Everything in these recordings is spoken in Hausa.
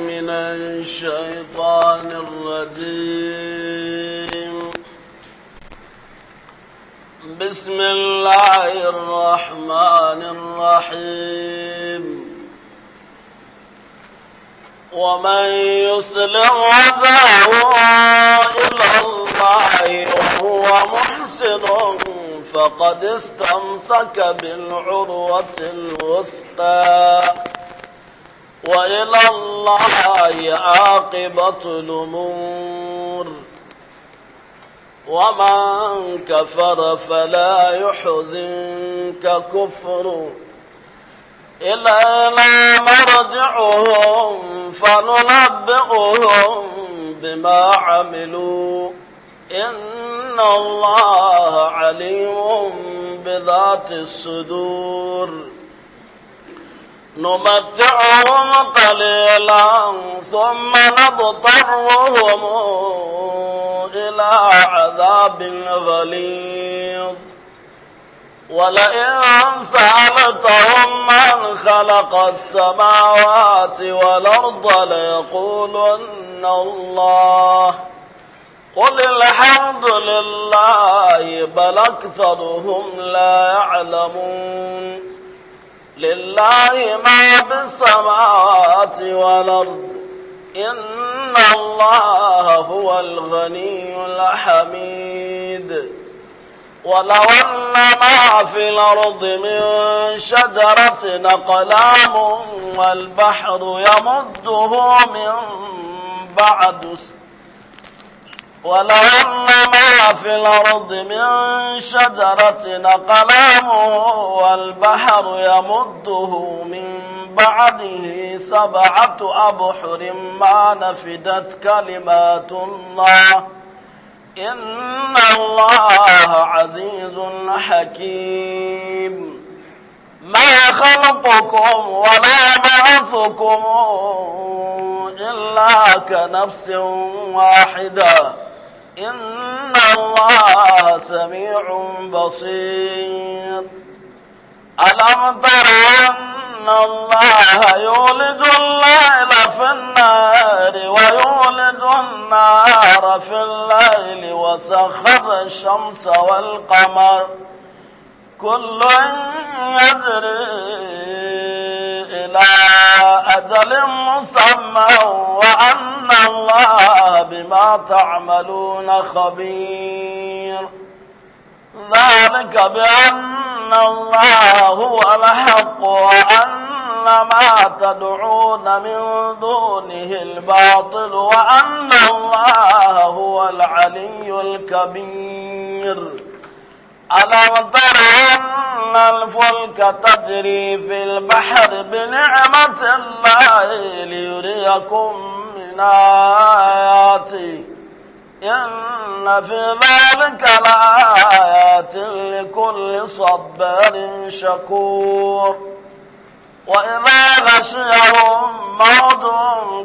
من الشيطان الرجيم بسم الله الرحمن الرحيم ومن يسلم وجهه إلى الله وهو محسن فقد استمسك بالعروة الوثقى وإلى الله عاقبة الأمور ومن كفر فلا يحزنك كفره إلينا مرجعهم فننبئهم بما عملوا إن الله عليم بذات الصدور نمتعهم قليلا ثم نضطرهم إلى عذاب غليظ ولئن سألتهم من خلق السماوات والأرض ليقولن الله قل الحمد لله بل أكثرهم لا يعلمون لله ما في السماوات والأرض إن الله هو الغني الحميد ولو أن ما في الأرض من شجرة نقلام والبحر يمده من بعد سنة ولهن ما في الأرض من شجرة نقلام والبحر يمده من بعده سبعة أبحر ما نفدت كلمات الله إن الله عزيز حكيم ما خلقكم ولا بعثكم إلا كنفس واحدة إن الله سميع بصير ألم تر أن الله يولد الليل في النار ويولد النار في الليل وسخر الشمس والقمر كل يجري إلى أجل مسمى وأن الله بما تعملون خبير ذلك بأن الله هو الحق وأن ما تدعون من دونه الباطل وأن الله هو العلي الكبير ألم تر أن الفلك تجري في البحر بنعمة الله ليريكم من آياته إن في ذلك لآيات لكل صبر شكور وإذا غشيهم موت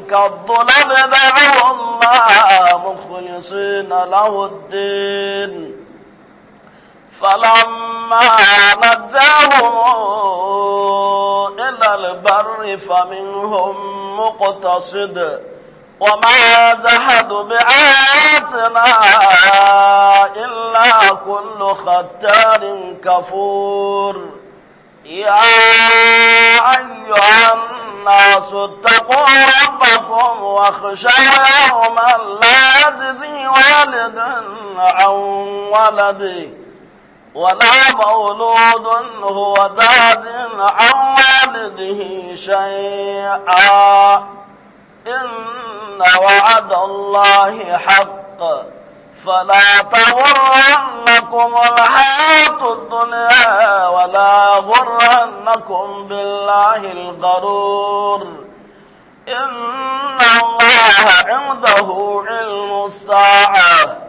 كالظلم دعوا الله مخلصين له الدين فلما نجاهم إلى البر فمنهم مقتصد وما جحد بآياتنا إلا كل ختار كفور يا أيها الناس اتقوا ربكم واخشوا يوما لا يجزي والد عن ولده ولا مولود هو داز عن والده شيئا إن وعد الله حق فلا تغرنكم الحياة الدنيا ولا غرنكم بالله الغرور إن الله عنده علم الساعة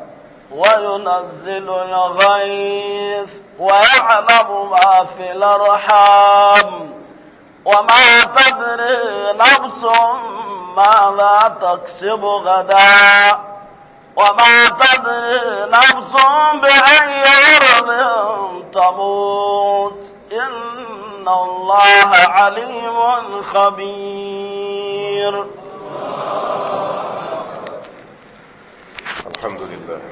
وينزل الغيث ويعلم ما في الأرحام وما تدري نفس ماذا تكسب غدا وما تدري نفس بأي أرض تموت إن الله عليم خبير الحمد لله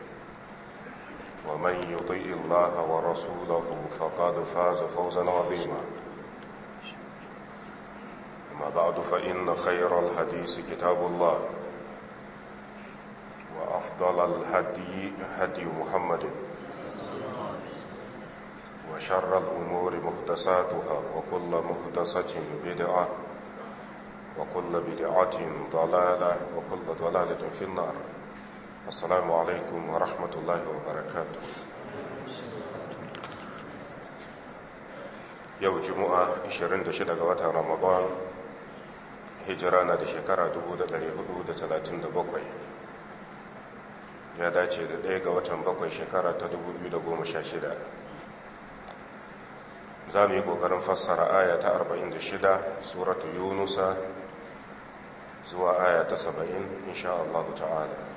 ومن يطيء الله ورسوله فقد فاز فوزا عظيما أما بعد فإن خير الحديث كتاب الله وأفضل الهدي هدي محمد وشر الأمور مهدساتها وكل مهدسة بدعة وكل بدعة ضلالة وكل ضلالة في النار assalamu alaikum wa rahmatullahi wa barakatu yau juma'a 26 ga watan ramadan hijira na da shekara 1437 ya dace da ɗaya ga watan bakwai shekara ta 2016 za mu yi ƙoƙarin fassara aya ta 46 suratu yunusa zuwa aya ta 70 insha Allah ta'ala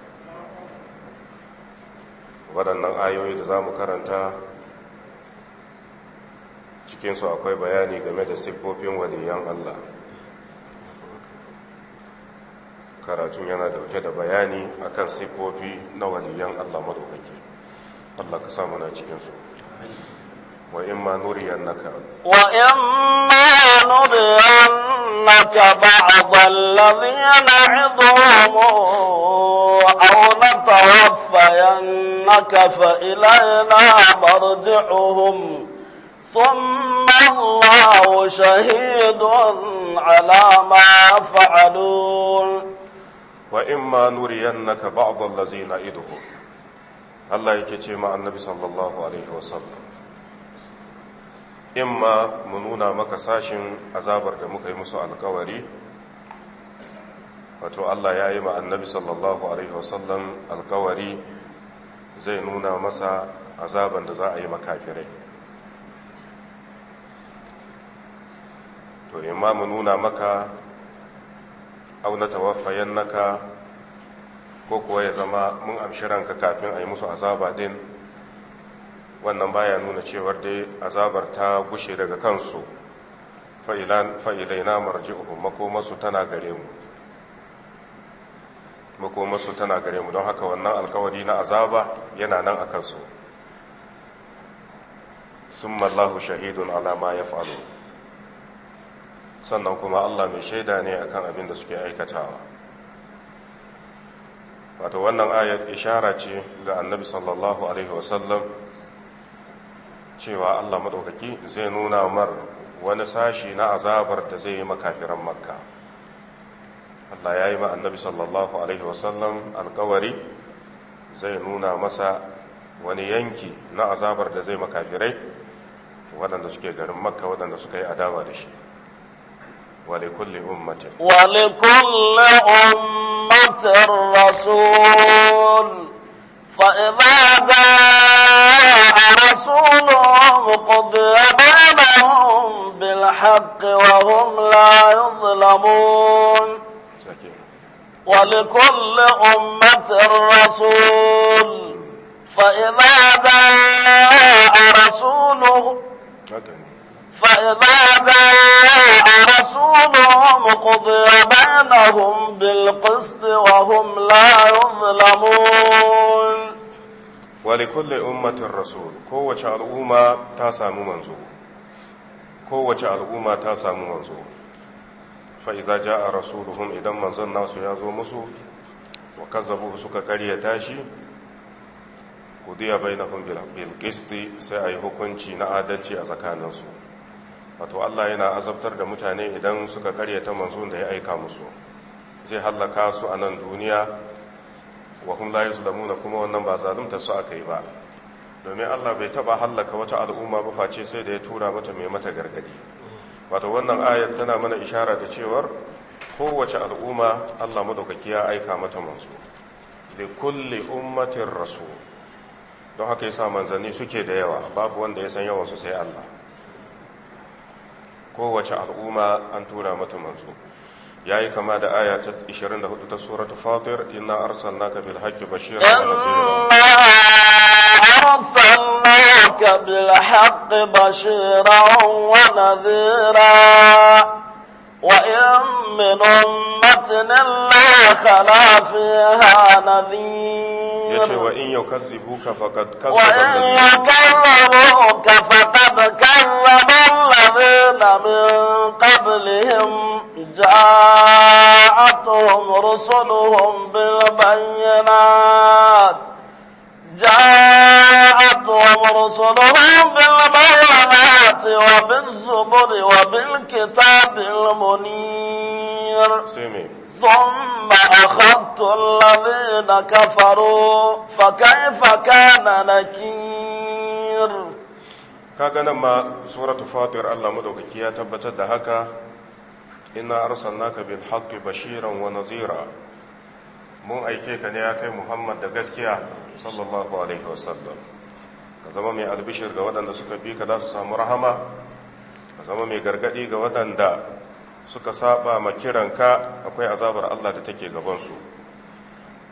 waɗannan ayoyi da za mu karanta cikinsu akwai bayani game da siffofin waliyan Allah karatun yana dauke da bayani akan siffofi na waliyan Allah madaukaki Allah ka samu na cikinsu wa in ma nuriyannaka wa in ma nuriyannaka ba'd alladhina 'idhum aw natawa لنغوينك فإلينا مرجعهم ثم الله شهيد على ما فعلون وإما نرينك بعض الذين إدهم الله يكتي مع النبي صلى الله عليه وسلم إما منونا مكساش أزابر دمك يمسو القواري wato Allah ya yi ma’annabi sallallahu alaihi wasallam alkawari zai nuna masa azaban da za a yi makafirai to imamu nuna maka auna tawaffayen naka ko kuwa ya zama mun amshi ranka kafin a yi musu azaba din wannan baya nuna cewar dai azabar ta gushe daga kansu fa'ilai na marji’uhu makomarsu tana gare mu makomarsu tana gare mu don haka wannan alkawari na azaba yana nan a kansu sun mallahu shahidun alama ya falo sannan kuma allah mai shaida ne akan abin da suke aikatawa wato wannan ayat ishara ce ga annabi sallallahu alaihi wasallam cewa allah maɗaukaki zai nuna mar wani sashi na azabar da zai yi makafiran makka Allah ya yi ma annabi sallallahu alaihi wasallam alkawari zai nuna masa wani yanki na azabar da zai makafirai waɗanda suke garin makka waɗanda suka yi adawa da shi kulle ولكل أمة ولكل أمة رسول فإذا جاء رسولهم قضي بينهم بالحق وهم لا يظلمون ولكل أمة رسول فإذا جاء رسوله فإذا جاء رسولهم قضي بينهم بالقسط وهم لا يظلمون ولكل أمة رسول كوة الأمة تاسع ممنزو كوة الأمة تاسع ممنزو fa'iza ja a rasuluhum idan manzon nasu ya zo musu wa kazzabu suka tashi, shi kudiya bainahum bil qisti sai ayi hukunci na adalci a tsakaninsu wato Allah yana azabtar da mutane idan suka ta manzon da ya aika musu zai hallaka su a nan duniya wa hum la yuzlamuna kuma wannan ba zalunta su aka yi ba domin Allah bai taba hallaka wata al'umma ba face sai da ya tura mata mai mata gargadi wato wannan ayat tana mana ishara da cewar kowace al'umma Allah madaukaki ya aika mata manzo li kulli ummatin rasul don haka yasa manzanni suke da yawa babu wanda ya san yawan su sai Allah kowace al'umma an tura mata manzo yayi kama da aya ta 24 ta suratul fatir inna arsalnaka bil haqqi bashiran wa nadhira بالحق بشيرا ونذيرا وإن من أمة إلا خلا فيها نذير وإن يكذبوك فقد كذب وإن يكذبوك فقد كذب الذين من قبلهم جاءتهم رسلهم بالبينات جاءتهم ورسلهم بالبينات وبالزبر وبالكتاب المنير ثم أخذت الذين كفروا فكيف كان نكير kaga nan ma suratu fatir Allah madaukaki ya tabbatar da haka inna arsalnaka bil haqqi bashiran wa nazira mun aike ka ne ya kai Muhammad da gaskiya ka zama mai albishir ga waɗanda suka bi ka za su samu rahama ka zama mai gargaɗi ga waɗanda suka saba ma kiranka akwai azabar Allah da take gabansu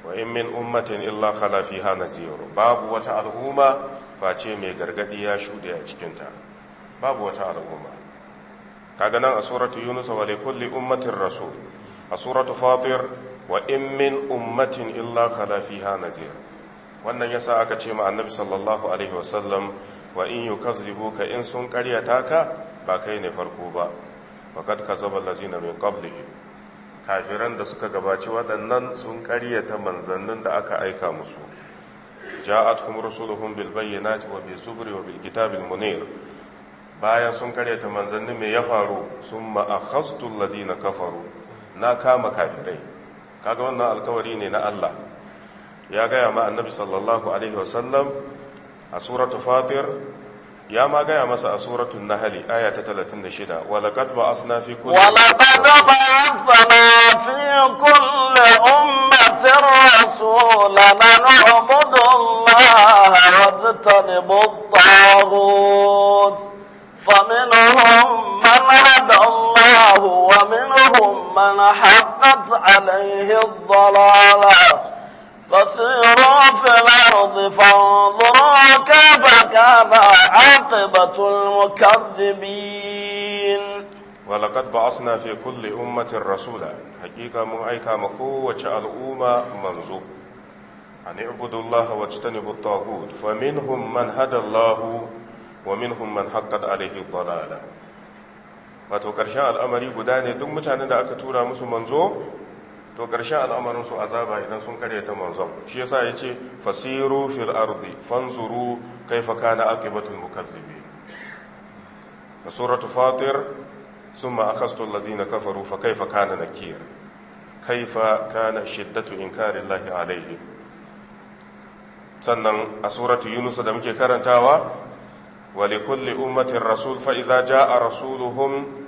wa in min ummatin illa khala fiha naziru babu wata al'umma face mai gargadi ya shuɗe a cikinta babu wata al'umma kaga nan a suratu yunus wa li kulli ummatin rasul a suratu fatir wa in min ummatin illa khala fiha naziru wannan yasa aka ce ma annabi sallallahu alaihi wasallam wa in ka in sun karyata ka ba kai ne farko ba faqad kazaba allazina min qablihi kafiran da suka gabaci waɗannan sun karyata manzannin da aka aika musu ja'atuhum rusuluhum bil bayyinati wa bil zubri wa bil kitabil munir bayan sun karyata manzanni mai ya faru sun ma'akhastul ladina kafaru na kama kafirai kaga wannan alkawari ne na Allah ya gaya ma annabi sallallahu alaihi wasallam a suratu fatir ya ma gaya masa a suratun nahali aya ta 36 walaqad ba'athna fi kulli walaqad ba'athna fi kulli ummatin rasulan an ubudu allaha wajtanibu at-taghut فمنهم من هدى الله ومنهم من حقت عليه الضلاله بصيرا في الأرض فانظرا كيف كان عاقبة المكذبين ولقد بعثنا في كل أمة رسولا حقيقة من أيكا مكوة الأمة منزو أن اعبدوا الله واجتنبوا الطاغوت فمنهم من هدى الله ومنهم من حقت عليه الضلالة wato ƙarshen al'amari guda ne duk mutanen da aka tura musu manzo to ƙarshen al'amarin su azaba idan sun karyata manzon shi yasa ya ce fasiru fil ardi fanzuru kaifa kana aqibatul mukazzibi suratu fatir summa akhastu alladhina kafaru fa kaifa kana nakir kaifa kana shiddatu inkarillahi alaihim sannan a suratu yunus da muke karantawa wa kulli ummatin rasul fa idza jaa rasuluhum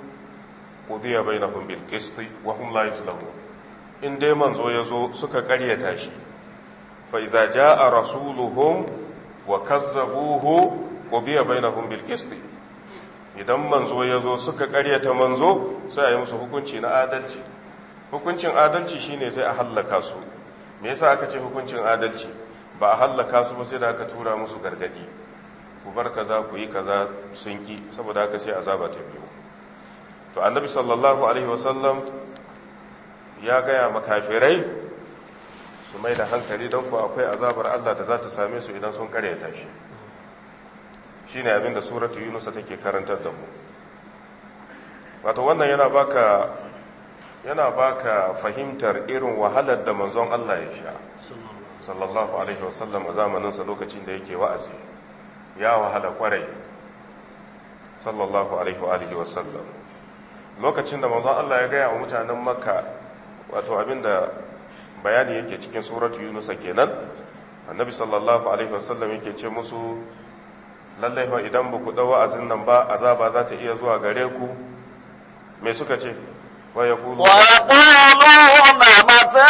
qudiya bainahum bil qisti wa hum la yuzlamun in dai manzo ya zo suka karyata shi fa iza jaa rasuluhum wa kazzabuhu ko bainahum bil qist idan manzo ya zo suka karyata manzo sai a yi musu hukunci na adalci hukuncin adalci shine sai a hallaka su me yasa aka ce hukuncin adalci ba a hallaka su ba sai da aka tura musu gargadi ku bar kaza ku yi kaza sun ki saboda haka sai azaba ta biyu to annabi sallallahu alaihi wasallam ya gaya makafirai su mai da hankali don ku akwai azabar Allah da za ta same su idan sun ta shi shi ne abinda suratu yunusa take karantar da mu wato wannan yana baka yana baka fahimtar irin wahalar da manzon Allah ya sha sallallahu alaihi wasallam a zamaninsa lokacin da yake wa'azi ya wahala kwarai sallallahu alaihi wa alihi wasallam lokacin da manzon Allah ya gaya wa mutanen makka wato abinda bayani yake cikin suratu yunusa kenan annabi sallallahu alaihi wasallam yake ce musu lallai fa idan ba ku dau wa'azin nan ba azaba za ta iya zuwa gare ku me suka ce wa yaqulu wa yaquluna mata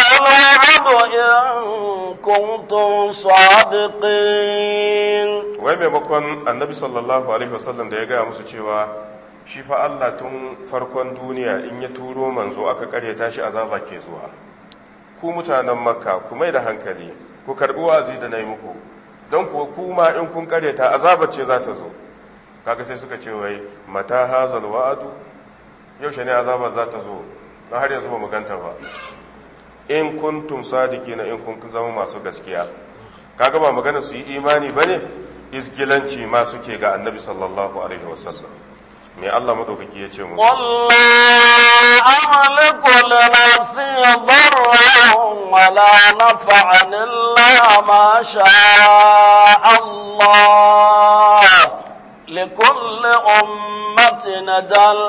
zalatu in kuntum sadiqin wai maimakon annabi sallallahu alaihi wasallam da ya gaya musu cewa shi fa Allah tun farkon duniya in ya turo manzo aka karyata shi azaba ke zuwa ku mutanen makka ku mai da hankali ku karbi wazi da nayi muku don kuwa kuma in kun karyata azaba ce za ta zo kaga sai suka ce wai mata hazal wa'adu yaushe ne azaba za ta zo na har yanzu ba mu ganta ba in kuntum sadiqina in kun zama masu gaskiya kaga ba magana su yi imani bane isgilanci ma suke ga annabi sallallahu alaihi wasallam me Allah madaukaki ya ce musu wallahi amliku li nafsi darran wa la naf'an illa ma sha'a Allah likulli ummatin ajal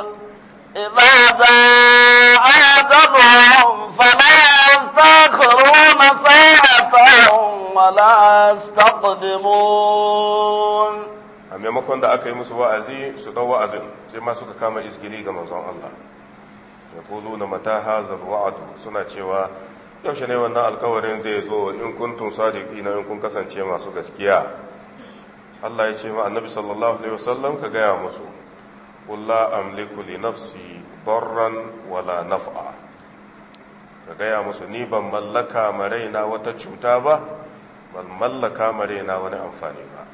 إذا جاء أجلهم فلا يستأخرون ساعة ولا يستقدمون a maimakon da aka yi musu wa'azi su ɗau wa'azin sai ma suka kama izgili ga manzon Allah ya kulu na mata hazal wa'adu suna cewa yaushe ne wannan alkawarin zai zo in kuntum sadiki na in kun kasance masu gaskiya Allah ya ce ma annabi sallallahu alaihi wasallam ka gaya musu kula la amliku li nafsi darran wala naf'a ka gaya musu ni ban mallaka ma raina wata cuta ba ban mallaka ma raina wani amfani ba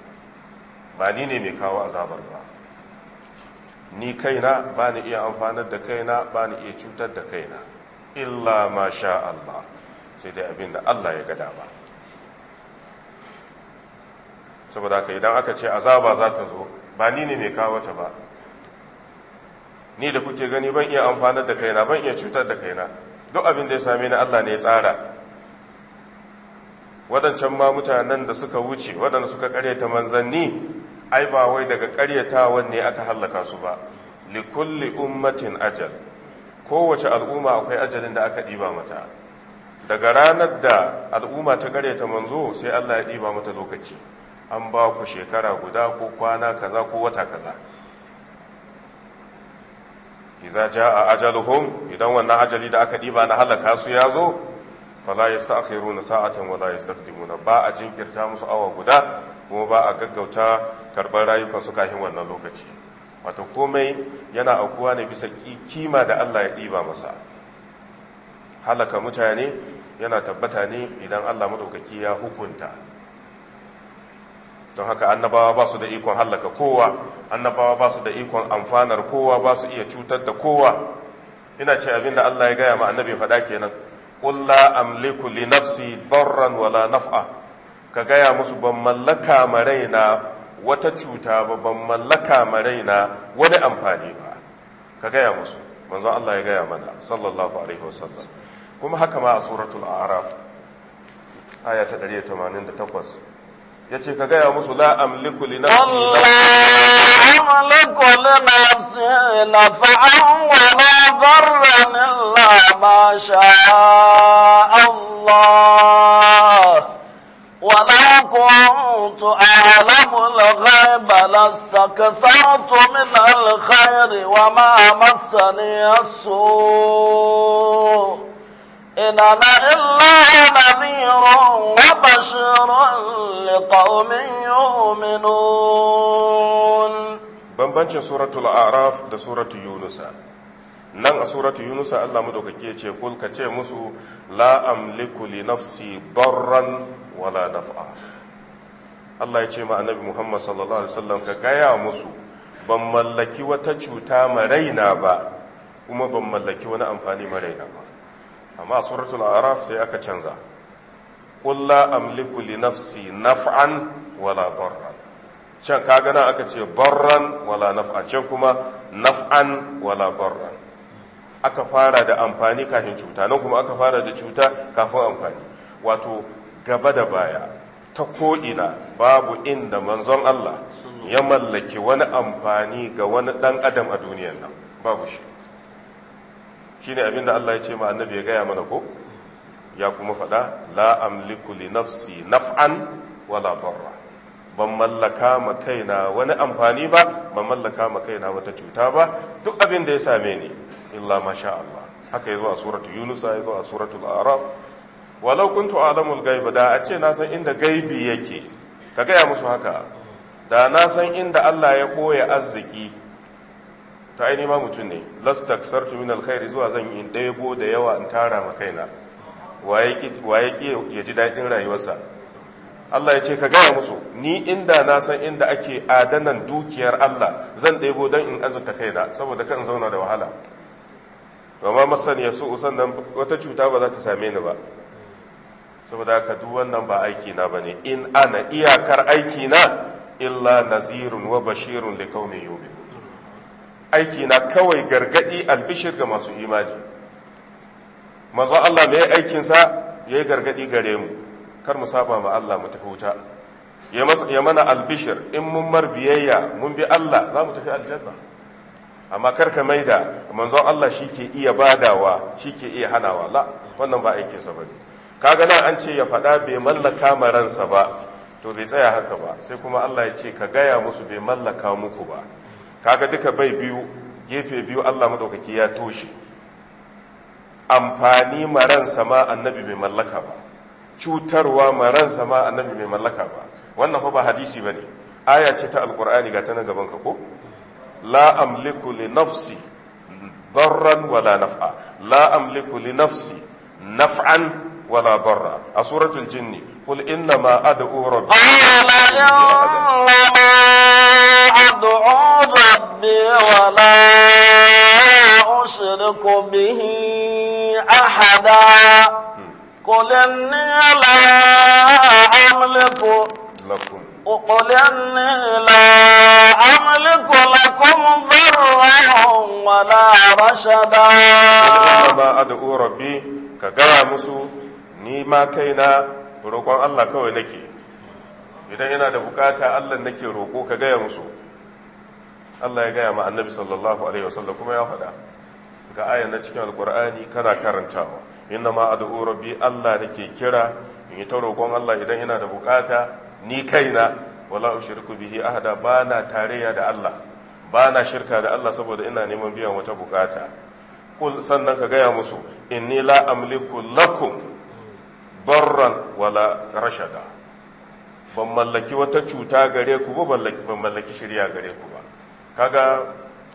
ba ni ne mai kawo azabar ba ni kaina ba ni iya amfanar da kaina ba ni iya cutar da kaina illa ma sha Allah sai dai abin da Allah ya gada ba saboda ka idan aka ce azaba za ta zo ba ni ne mai kawo ta ba ni da kuke gani ban iya amfanar da kaina ban iya cutar da kaina duk abin da ya same ni Allah ne ya tsara waɗancan ma mutanen da suka wuce waɗanda suka ta manzanni ai ba wai daga ƙaryatawan ne aka hallaka su ba kulli ummatin ajal kowace al'umma akwai ajalin da aka ɗiba mata daga ranar da al'umma ta ƙaryata manzo sai allah ya ɗiba mata lokaci an ba ku shekara guda ko kwana kaza ko wata kaza iza ja a ajaluhum idan wannan ajali da aka ɗiba na halaka su ya zo fala yasta'khiruna sa'atan wala yastaqdimuna ba a jinkirta musu awa guda kuma ba a gaggauta karɓar rayuka su kafin wannan lokaci wato komai yana aukuwa ne bisa kima da Allah ya ɗiba masa halaka mutane yana tabbata ne idan Allah maɗaukaki ya hukunta don haka annabawa ba su da ikon halaka kowa annabawa ba su da ikon amfanar kowa ba su iya cutar da kowa ina ce abin da Allah ya gaya ma annabi faɗa kenan qul la amliku li nafsi darran wala naf'a ka gaya musu ban mallaka ma raina wata cuta ba ban mallaka ma raina wani amfani ba ka gaya musu manzon Allah ya gaya mana sallallahu alaihi wasallam kuma haka ma a suratul a'raf aya ta 188 ya ce ka gaya musu la amliku li nafsi amliku li nafsi nafa'an wa la darran illa ma sha Allah walakutana alamu la haibalastaka sata tuni lalatayi da wani masaniyar so ina na suratul-ara da suratu yunusa nan a suratu yunusa allah mudu ka je cekulka cek musu la am likuli na wala naf'a Allah ya ce ma annabi Muhammad sallallahu alaihi wasallam ka gaya musu ban mallaki wata cuta ma raina ba kuma ban mallaki wani amfani ma raina ba amma suratul araf sai aka canza qul la amliku li nafsi naf'an wala darran can kaga nan aka ce barran wala naf'a can kuma naf'an wala barran aka fara da amfani kafin cuta nan kuma aka fara da cuta kafin amfani wato gaba da baya ta ko'ina babu inda manzon Allah ya mallaki wani amfani ga wani ɗan adam a duniyan nan babu shi shi ne abinda Allah ya ce ma annabi ya gaya mana ko ya kuma faɗa la'amliku li nafsi naf'an wala barra ban mallaka ma kaina wani amfani ba ban mallaka ma kaina wata cuta ba duk abin da ya same ni illa masha Allah haka ya zo a suratu yunusa ya zo a suratul araf walau kuntu alamul gaiba da a ce na san inda gaibi yake ka gaya musu haka da na san inda Allah ya ɓoye arziki ta aini ma mutum ne lastak sartu min alkhairi zuwa zan yi ɗebo da yawa in tara ma kaina waye ki ya ji daɗin rayuwarsa Allah ya ce ka gaya musu ni inda na san inda ake adanan dukiyar Allah zan ɗebo don in azurta kaina saboda kan zauna da wahala domin masaniya su sannan wata cuta ba za ta same ni ba saboda haka duk wannan ba aiki na bane in ana iyakar aiki na illa nazirun wa bashirun liqaumin yu'minun aiki na kawai gargadi albishir ga masu imani manzo Allah mai aikin sa yayi gargadi gare mu kar mu saba ma Allah mu tafi wuta ya mana albishir in mun mar biyayya mun bi Allah za mu tafi aljanna amma kar ka maida manzo Allah shi iya badawa shi ke iya hanawa la wannan ba aikin ba ne kaga nan an ce ya faɗa bai mallaka maransa ba to bai tsaya haka ba sai kuma Allah ya ce ka gaya musu bai mallaka muku ba kaga duka bai biyu gefe biyu Allah madaukaki ya toshe amfani maransa ma annabi bai mallaka ba cutarwa maransa ma annabi bai mallaka ba wannan fa ba hadisi bane aya ce ta alkur'ani ga ta nan gaban ka ko la amliku li nafsi darran wala naf'a la amliku li nafsi naf'an ولا ضرا سورة الجن قل إنما أدعو ربي قل إنما أدعو ربي ولا أشرك به أحدا قل إني لا أملك لكم وقل إني لا أملك لكم ضرا ولا رشدا قل إنما أدعو ربي كجرى ni ma kaina roƙon Allah kawai nake idan yana da bukata Allah nake roƙo ka gaya musu Allah ya gaya ma annabi sallallahu alaihi wasallam kuma ya faɗa ga ayan na cikin alkur'ani kana karantawa inna ma ad'u rabbi Allah nake kira in yi ta roƙon Allah idan ina da bukata ni kaina wala ushriku bihi ahada bana tarayya da Allah bana shirka da Allah saboda ina neman biyan wata bukata kul sannan ka gaya musu inni la amliku lakum barran wala rashada ban mallaki wata cuta gare ku ba ban mallaki shirya gare ku ba kaga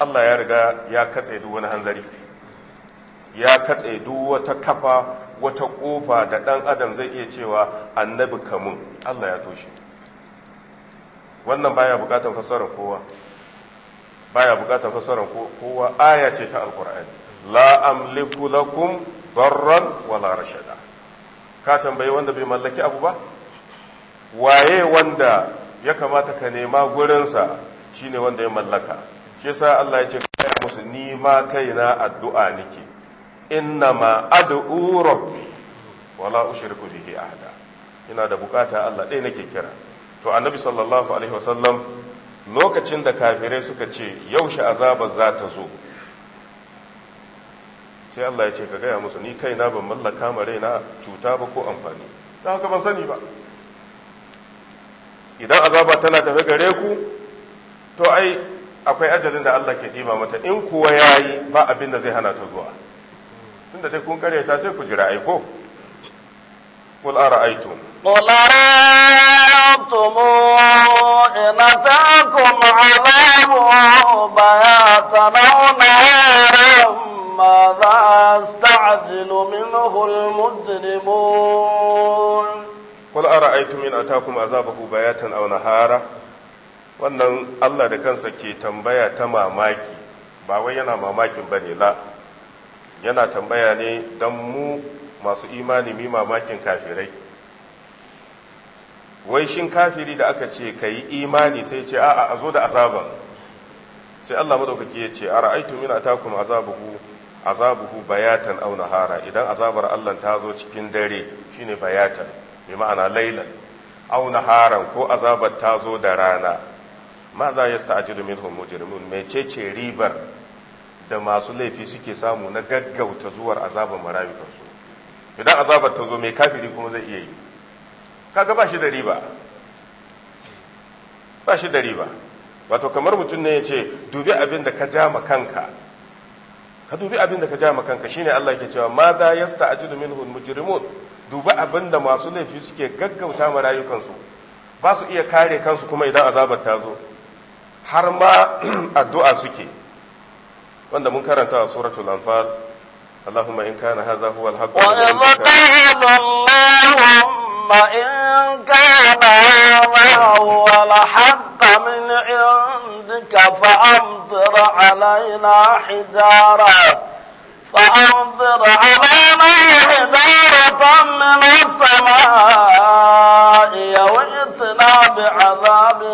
Allah ya riga ya katse duk wani hanzari ya katse duk wata kafa wata kofa da dan adam zai iya cewa annabi kamun Allah ya toshe wannan baya bukatan fasarar kowa baya bukatar fasarar kowa aya ce ta alkur'ani la amliku lakum darran wala rashada ka tambayi wanda bai mallaki abu ba waye wanda ya kamata ka nema gurinsa shine wanda ya mallaka shi yasa Allah ya ce kai musu ni ma kaina addu'a nake inna ma ad'u rabbi wala ushriku bihi ahada ina da bukata Allah dai nake kira to annabi sallallahu alaihi wasallam lokacin da kafirai suka ce yaushe azabar za ta zo sai Allah ya ce ka gaya musu ni kaina ban mallaka ma raina cuta ba ko amfani don haka ban sani ba idan azaba tana tafi gare ku to ai akwai ajalin da Allah ke ɗiba mata in kuwa ya yi ba abin da zai hana ta zuwa tunda dai kun karyata sai ku jira aiko قل أرأيتم قل أرأيتم إن أتاكم ماذا استعجل منه المجرمون قل أرأيتم إن أتاكم عذابه بياتا أو نهارا wannan Allah da kansa ke tambaya ta mamaki ba wai yana mamakin ba ne la yana tambaya ne don mu masu imani mi mamakin kafirai wai shin kafiri da aka ce ka yi imani sai ce a'a a zo da azaban sai Allah madaukaki ya ce a ra'aitu min atakum azabuhu azabuhu bayatan aw nahara idan azabar Allah ta zo cikin dare shine bayatan bi ma'ana laylan aw naharan ko azabar ta zo da rana ma za yasta'jilu minhum mujrimun mecece ribar da masu laifi suke samu na gaggauta zuwar azabar marabikan su idan azabar ta zo mai kafiri kuma zai iya yi kaga ba shi da riba ba shi da riba wato kamar mutum ne ya ce dubi abin da ka jama kanka ka dubi abin da ka ja kanka shine Allah ke cewa ma da yasta'jilu minhu mujrimun duba abin da masu laifi suke gaggauta ma rayukansu ba su iya kare kansu kuma idan azabar ta zo har ma addu'a suke wanda mun karanta a suratul anfal اللهم إن كان هذا هو الحق قل اللهم إن كان Walhakamun inda ka fahimci da alayla a hijara Fahimci da alayla ya yi da yi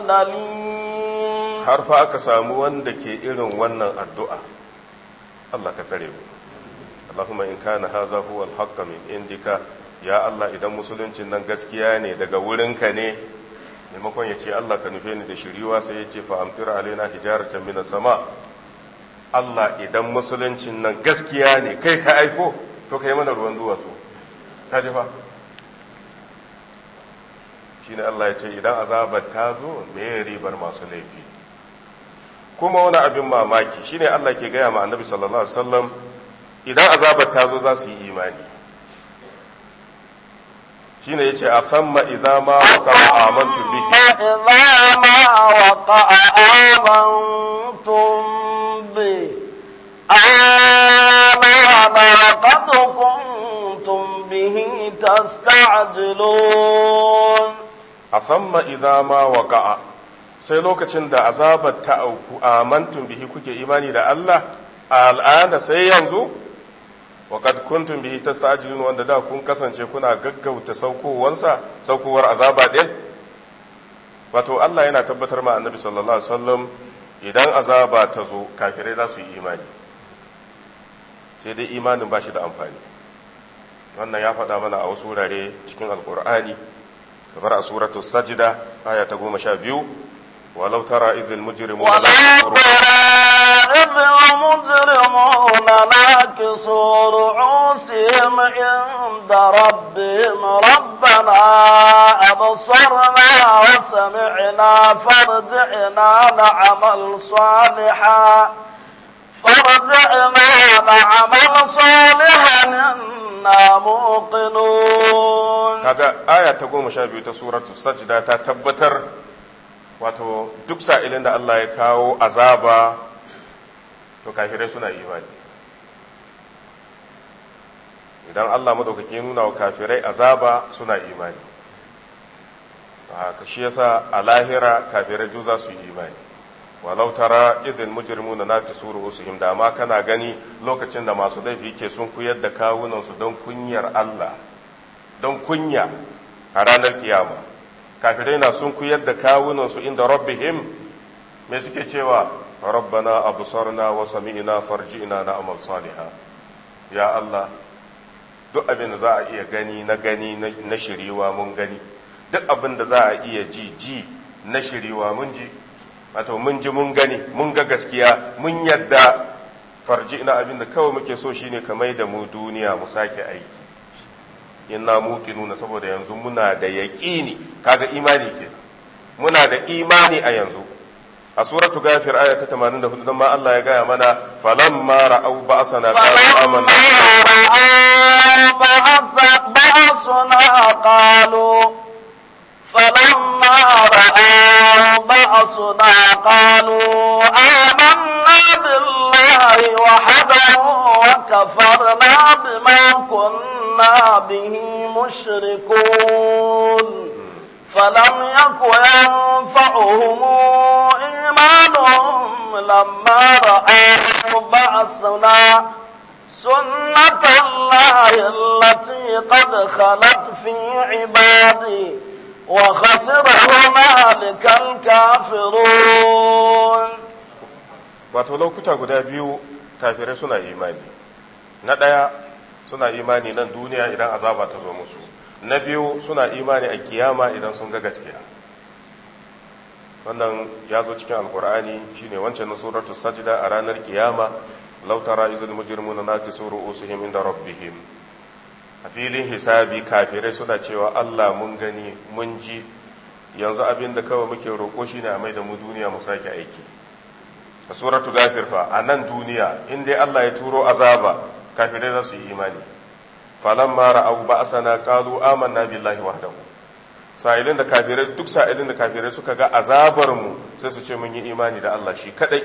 da aka samu wanda ke irin wannan addu'a? Allah ka tsare mu. Allahuma in ka na haza kuwal hakamin indi ka? Yaya Allah idan musuluncin nan gaskiya ne daga wurinka ne? maimakon ya ce Allah ka nufe ni da shiriwa sai ya ce fahimtar alaina hijaratan mina sama Allah idan musuluncin nan gaskiya ne kai ka aiko to ka yi mana ruwan duwatsu ta jefa shi ne Allah ya ce idan azabar ta zo mai ribar masu laifi kuma wani abin mamaki shi ne Allah ke gaya ma annabi sallallahu alaihi wasallam idan azabar ta zo za su yi imani shine yace a famma idza ma waqa amantu bihi idza ma waqa amantum bi amana qad kuntum bihi tasta'jilun a famma idza ma waqa sai lokacin da azabar ta auku amantum bihi kuke imani da Allah al'ada sai yanzu waƙad kuntum bihi tasta'jilun wanda da kun kasance kuna gaggauta saukowarsa saukowar azaba ɗin wato Allah yana tabbatar ma annabi sallallahu alaihi wasallam idan azaba ta zo kafirai za su yi imani sai dai imanin ba shi da amfani wannan ya faɗa mana a wasu wurare cikin alƙur'ani kamar a suratul sajida aya ta goma sha biyu ولو ترى إذ المجرمون ولو ترى إذ المجرمون ناكسوا رؤوسهم عند ربهم ربنا أبصرنا وسمعنا فارجعنا نعمل صالحا فارجعنا نعمل صالحا إنا موقنون هذا آية تقوم شابي سورة السجدة تتبتر wato duk sa'ilin da Allah ya kawo azaba to kafirai suna imani idan Allah madaukake nuna wa kafirai azaba suna imani haka shi yasa a lahira kafirai juza su yi imani walau tara idin mujrimuna suru su da ma kana gani lokacin da masu laifi ke sun kuyar da kawunansu su don kunyar Allah don kunya a ranar kiyama kafirai na sun kuyar da kawunansu inda rabbihim mai suke cewa rabbana sarna wa sami'na farji'na na amal saliha ya Allah duk abin da za a iya gani na gani na shiriwa mun gani duk abin da za a iya ji ji na shiriwa mun ji wato mun ji mun gani mun ga gaskiya mun yadda farji'na abin da kawai muke so shine kamar da mu duniya mu sake aiki inna muqinuna saboda yanzu muna da yaqini kaga imani ke muna da imani a yanzu a suratu gafir aya ta 84 don ma Allah ya gaya mana falamma ra'au ba'sana qalu amanna ba'sana qalu falamma ra'au ba'sana qalu amanna billahi الله وحده وكفرنا بما كنا به مشركون فلم يك ينفعهم إيمانهم لما رأوا بعثنا سنة الله التي قد خلت في عبادي وخسر هنالك الكافرون wato lokuta guda biyu kafirai suna imani na ɗaya suna imani nan duniya idan azaba ta zo musu na biyu suna imani a kiyama idan sun ga gaskiya wannan ya zo cikin alkur'ani shine wancan na suratul sajda a ranar kiyama lautara mujirmu na nati suru usu him inda rabbihim a filin hisabi kafirai suna cewa Allah mun gani mun ji yanzu abin da kawai muke roƙo shi ne a mai da mu duniya mu sake aiki da suratu gafir fa a nan duniya inda Allah ya turo azaba kafirai za su yi imani falon mara abu ba falamma ra'aw ba'sana qalu amanna billahi wahdahu sa'ilin da kafirai duk sa'ilin da kafirai suka ga azabar mu sai su ce mun yi imani da Allah shi kadai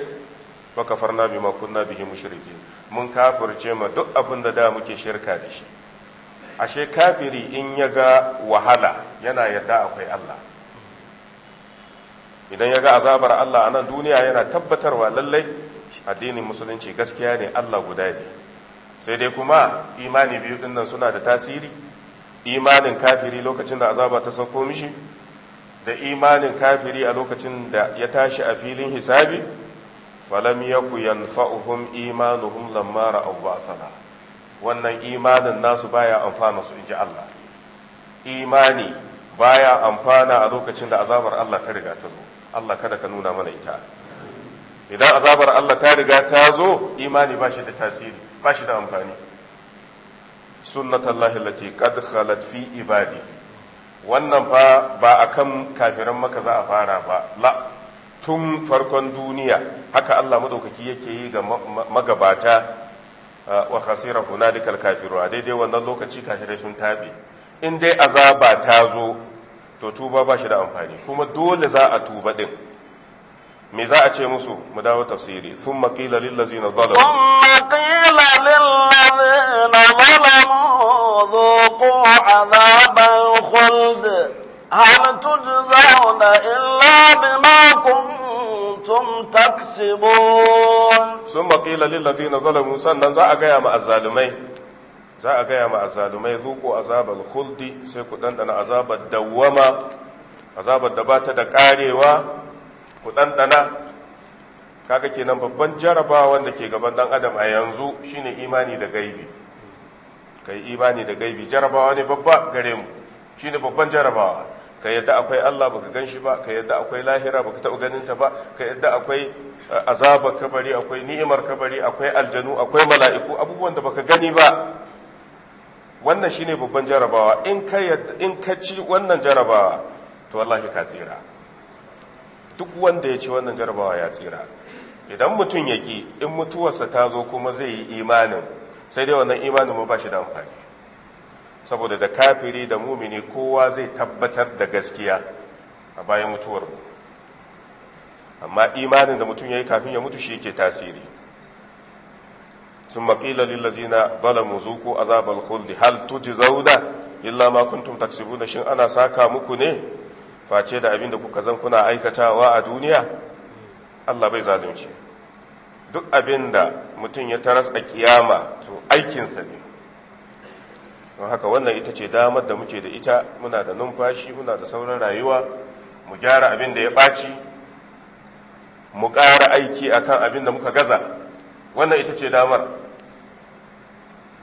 wa kafarna na biyu bihi mushriki mun kafirce ma duk abin da da muke shirka da shi ashe kafiri in ya ga wahala yana yadda akwai Allah idan ya ga azabar Allah a nan duniya yana tabbatarwa lallai addinin musulunci gaskiya ne Allah guda ne sai dai kuma imani biyu din nan suna da tasiri imanin kafiri lokacin da azaba ta sauko mishi da imanin kafiri a lokacin da ya tashi a filin hisabi falam yaku yanfa'uhum imanuhum lamma ra'aw ba'sana wannan imanin nasu baya amfana su inji Allah imani baya amfana a lokacin da azabar Allah ta riga ta zo Allah kada ka nuna mana ita idan azabar Allah ta riga ta zo imani ba shi da tasiri ba shi da amfani sunnatallahi allati qad khalat fi ibadi wannan fa ba akan kafiran maka za a fara ba la tun farkon duniya haka Allah madaukaki yake yi ga magabata uh, wa khasira hunalikal kafiru a daidai wannan lokaci kafirai sun tabe in dai azaba ta zo to tuba ba shi da amfani kuma dole za a tuba din me za a ce musu mu dawo tafsiri sun maƙila lillazi na zalamu sun maƙila lillazi na zalamu zoƙo azaban khuld hal tujzauna illa bima kuntum taksibun sun maƙila lillazi na zalamu sannan za a gaya ma azzalumai za a gaya ma azalumai zuko azabar huldi sai ku ɗanɗana azabar dawwama azabar da ba ta da ƙarewa ku ɗanɗana kaga kenan babban jarabawa wanda ke gaban ɗan adam a yanzu shine imani da gaibi kai imani da gaibi jarabawa ne babba gare mu shine babban jarabawa ka yadda akwai Allah baka gan shi ba ka yadda akwai lahira baka taɓa ganin ta ba ka yadda akwai eh, azabar kabari akwai ni'imar kabari akwai aljanu akwai mala'iku abubuwan da baka gani ba wannan shine babban jarabawa in ka ci wannan jarabawa to wallahi ka tsira duk wanda ya ci wannan jarabawa ya tsira idan mutum ya ki in mutuwarsa ta zo kuma zai yi imanin sai dai wannan imanin mu ba shi da amfani saboda da kafiri da mumini kowa zai tabbatar da gaskiya a bayan mutuwar mu amma imanin da mutum ya yi kafin ya mutu shi yake tasiri ثم قيل للذين ظلموا ذوقوا عذاب الخلد هل تجزون إلا ما كنتم تكسبون شن أنا ساكا muku ne face da abin da kuka zan kuna aikatawa a duniya Allah bai zalunci duk abin da mutum ya taras a kiyama to aikinsa ne don haka wannan ita ce damar da muke da ita muna da numfashi muna da sauran rayuwa mu gyara abin da ya ɓaci mu ƙara aiki akan abin da muka gaza wannan ita ce damar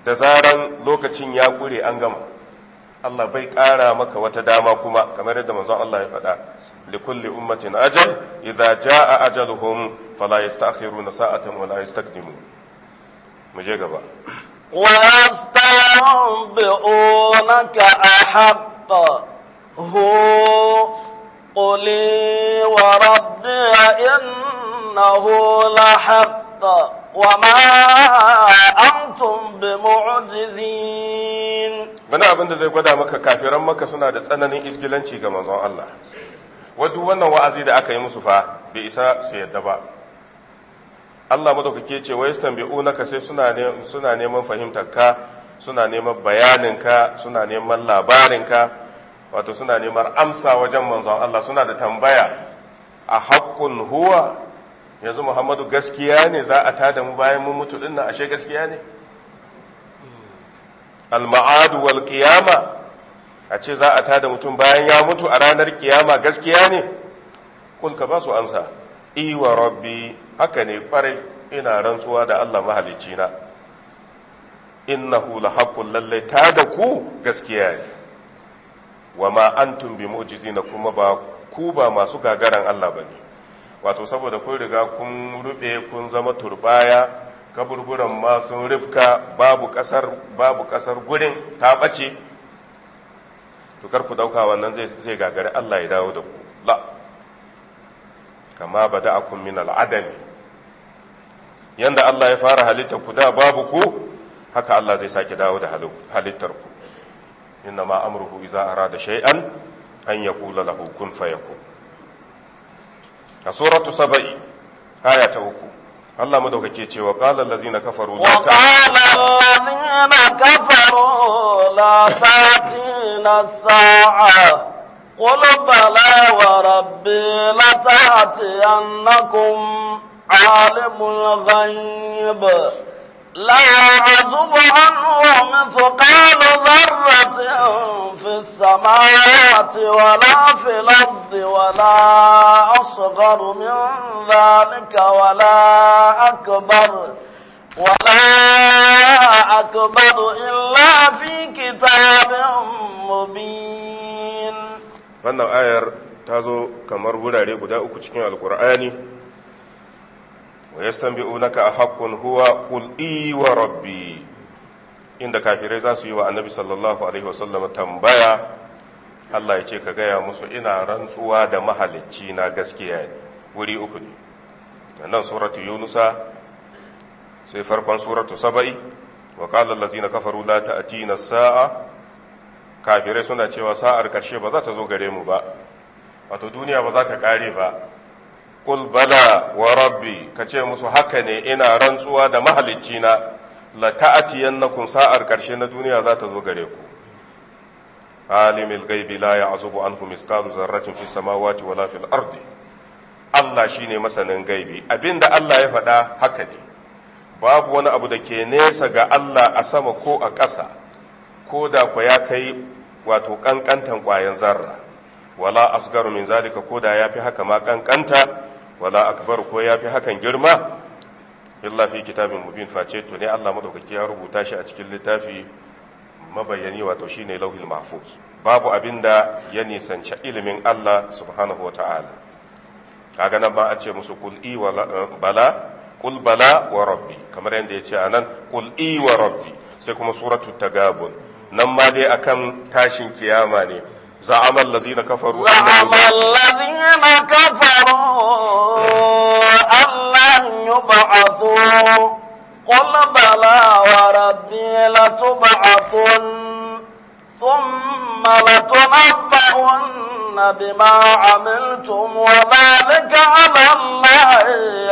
da zaran lokacin ya ƙure an gama Allah bai ƙara maka wata dama kuma kamar yadda manzon Allah ya faɗa likulli ummatin ajal idza jaa ajaluhum fala yasta'khiruna sa'atan wala yastaqdimun mu je gaba wa yastanbi'unaka ahaqqa قولي وربي إنه لحق وما أنتم بمعجزين wani abin da zai gwada maka kafiran maka suna da tsananin isgilanci ga manzon Allah wadu wannan wa'azi da aka yi musu fa bai isa su yadda ba Allah madaukake ce wa naka sai suna suna neman fahimtar ka suna neman bayanin ka suna neman labarin ka wato suna neman amsa wajen manzon Allah suna da tambaya a haƙƙun huwa yanzu muhammadu gaskiya ne za a tada mu bayan mu mutu dinna ashe gaskiya ne al-ma'adu wal qiyama a ce za a tada mutum bayan ya mutu a ranar kiyama gaskiya ne kul ka ba su amsa iwa rabbi haka ne kwarai ina rantsuwa da Allah mahalicina innahu lallai ta, tada ku gaskiya ne wa ma antum bi mu'jizina kuma ba ku ba masu gagaran Allah ba ne wato saboda kun riga kun rube kun zama turbaya kaburburan ma sun rifka babu kasar babu kasar gurin ta bace to kar ku dauka wannan zai sai gagari Allah ya dawo da ku la kama bada'akum min al'adami yanda Allah ya fara halitta ku da babu ku haka Allah zai sake dawo da halittar ku innama amruhu iza arada shay'an an yaqula lahu kun fayakun a suratu saba'i aya ta uku Allah madaukake ce wa qala allazina kafaru la ta allazina kafaru la ta'tina sa'a قل بلى وربي لتأتينكم عالم الغيب لا يعزب عنه مثقال ذرة في السماوات ولا في الأرض ولا أصغر من ذلك ولا أكبر ولا أكبر إلا في كتاب مبين wannan ayar ta zo kamar wurare guda uku cikin alkur'ani wa yastanbi'unaka ahaqqun huwa qul i wa rabbi inda kafirai za su yi wa annabi sallallahu alaihi wasallam tambaya Allah ya ce ka gaya musu ina rantsuwa da mahalicci na gaskiya ne wuri uku ne nan suratu yunusa sai farkon suratu saba'i wa qala allazina kafaru la ta'tina sa'a kafirai suna cewa sa'ar karshe ba za ta zo gare mu ba wato duniya ba za ta kare ba qul bala wa rabbi kace musu haka ne ina rantsuwa da mahalicci na la ta'tiyannakum sa'ar karshe na duniya za ta zo gare ku alimul ghaibi la ya'zubu anhu miskalu zarratin fis samawati wala fil ardi Allah shine masanin gaibi abinda Allah ya faɗa haka ne babu wani abu da ke nesa ga Allah a sama ko a ƙasa ko da ku ya kai wato ƙanƙantan ƙwayan zarra wala asgaru min zalika ko da ya fi haka ma ƙanƙanta wala akbar ko ya fi hakan girma illa fi kitabin mubin face to ne Allah maɗaukaki ya rubuta shi a cikin littafi mabayani wato shine lauhin mahfuz babu abinda ya nisanci ilimin Allah subhanahu wa ta'ala kaga nan ba a ce musu kul i bala kul bala wa rabbi kamar yadda ya ce nan kul i wa rabbi sai kuma ta tagabun nan ma dai akan tashin kiyama ne زعم الذين كفروا زعم الذين كفروا أن لن يبعثوا قل بلى وربي لتبعثن ثم لتنبؤن بما عملتم وذلك على الله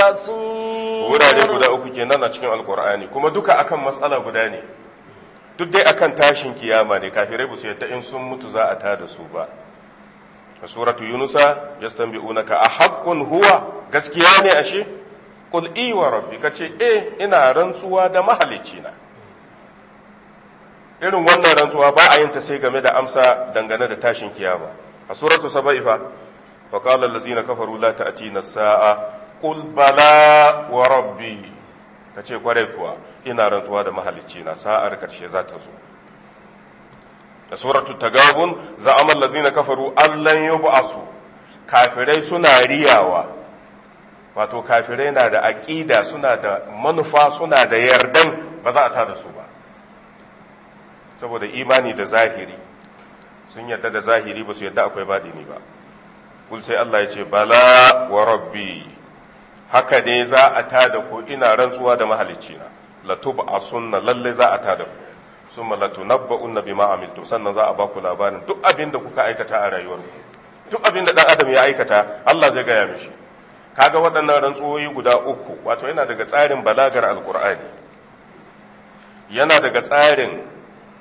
يسير ورare guda uku kenan a cikin alkur'ani kuma duka akan matsala guda ne duk dai akan tashin kiyama ne kafirai ba su yadda in sun mutu za a ta da su ba a suratu yunusa unaka a haƙƙun huwa gaskiya ne ashe qul wa rabbi kace e eh, ina rantsuwa da mahalicci na irin wannan rantsuwa ba a yin ta sai game da amsa dangane da tashin kiyama a suratu saba'ifa fa wa qala allazina kafaru la ta'tina saa qul bala wa rabbi ka ce kwarai kuwa ina rantsuwa da mahalicci na sa'ar karshe za ta zo da suratu gabun za amal ladina kafaru allan su kafirai suna riyawa wato kafirai na da aƙida suna da manufa suna da yardan ba za a tada su ba saboda imani da zahiri sun yarda da zahiri ba su yarda akwai badini ba kul sai Allah ya ce bala wa rabbi haka ne za a tada ku ina rantsuwa da mahalicina latub sunna lalle za a tada ku summa latunabba'unna bima amiltum sannan za a ba ku labarin duk abin da kuka aikata a rayuwarku duk abin da dan adam ya aikata Allah zai gaya mishi kaga waɗannan rantsuwoyi guda uku wato yana daga tsarin balagar alkur'ani yana daga tsarin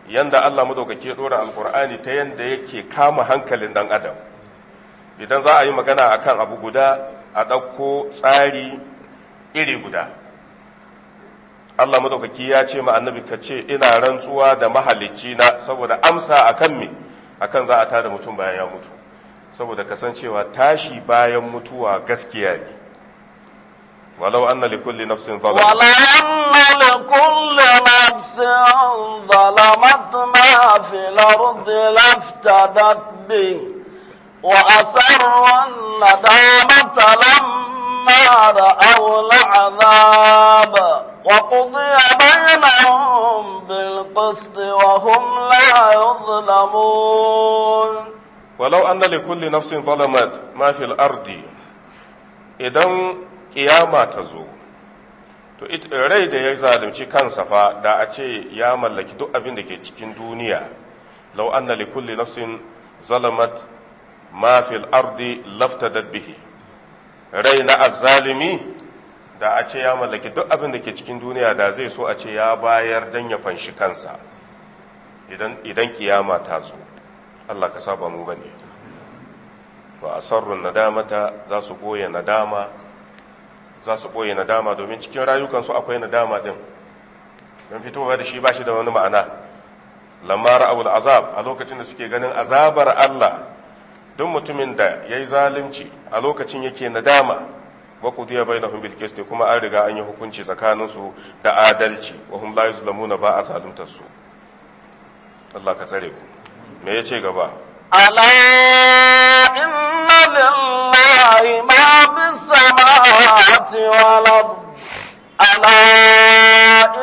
yanda Allah madaukake dora alkur'ani ta yanda yake kama hankalin dan adam idan za a yi magana akan abu guda a ɗauko tsari iri guda Allah madaukaki ya ce ma annabi ka ce ina rantsuwa da mahalicci na saboda amsa akan me akan za a tada mutum bayan ya mutu saboda kasancewa tashi bayan mutuwa gaskiya ne ولو أن لكل نفس ظلمت ولو أن لكل نفس ظلمت ما في وأسر الندامة لما رأوا العذاب وقضي بينهم بالقسط وهم لا يظلمون ولو أن لكل نفس ظلمت ما في الأرض إذن قيامة تزور To, rai da ya zalunci kansa fa da a ce ya mallaki duk abin da ke cikin duniya, lau an na likulli nafsin zalamat ma fil ardi laftadat bihi rai na azzalimi da a ce ya mallaki duk abin da ke cikin duniya da zai so a ce ya bayar dan ya fanshi kansa idan idan kiyama ta zo Allah ka saba mu bane wa asarrun nadamata za su goye nadama za su boye nadama domin cikin rayukansu akwai nadama din don fitowa da shi ba shi da wani ma'ana lamma ra'awul azab a lokacin da suke ganin azabar Allah duk mutumin da ya yi zalunci a lokacin yake nadama wa bai na bil kesti kuma an riga an yi hukunci tsakaninsu da adalci wa hum la yuzlamuna ba a zaluntar su Allah ka tsare ku me yace gaba ala inna lillahi ma bis samawati wal ard ala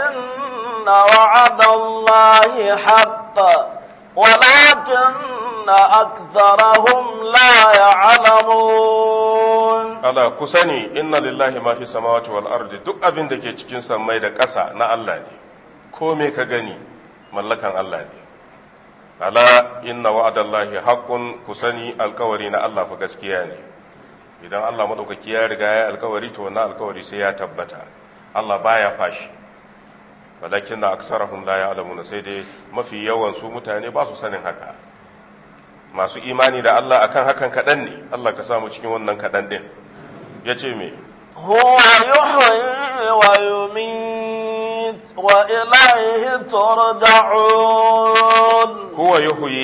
inna wa'ada allahi haqqan ولكن أكثرهم لا يعلمون ألا كساني إن لله ما في السماوات والأرض دك أبين دكي تكين سمي دكسا نا الله دي كومي كغني ملكا الله دي ألا إن وعد الله حق كساني الكوري الله فكسكياني idan Allah madaukaki ya riga ya alkawari to wannan alkawari الله بايا فاشي walakin na aksarahum la alamuna sai dai mafi yawan su mutane ba su sanin haka masu imani da Allah akan hakan kaɗan ne Allah ka samu cikin wannan ɗin ya yace me huwa yuhyi wa yumit wa ilayhi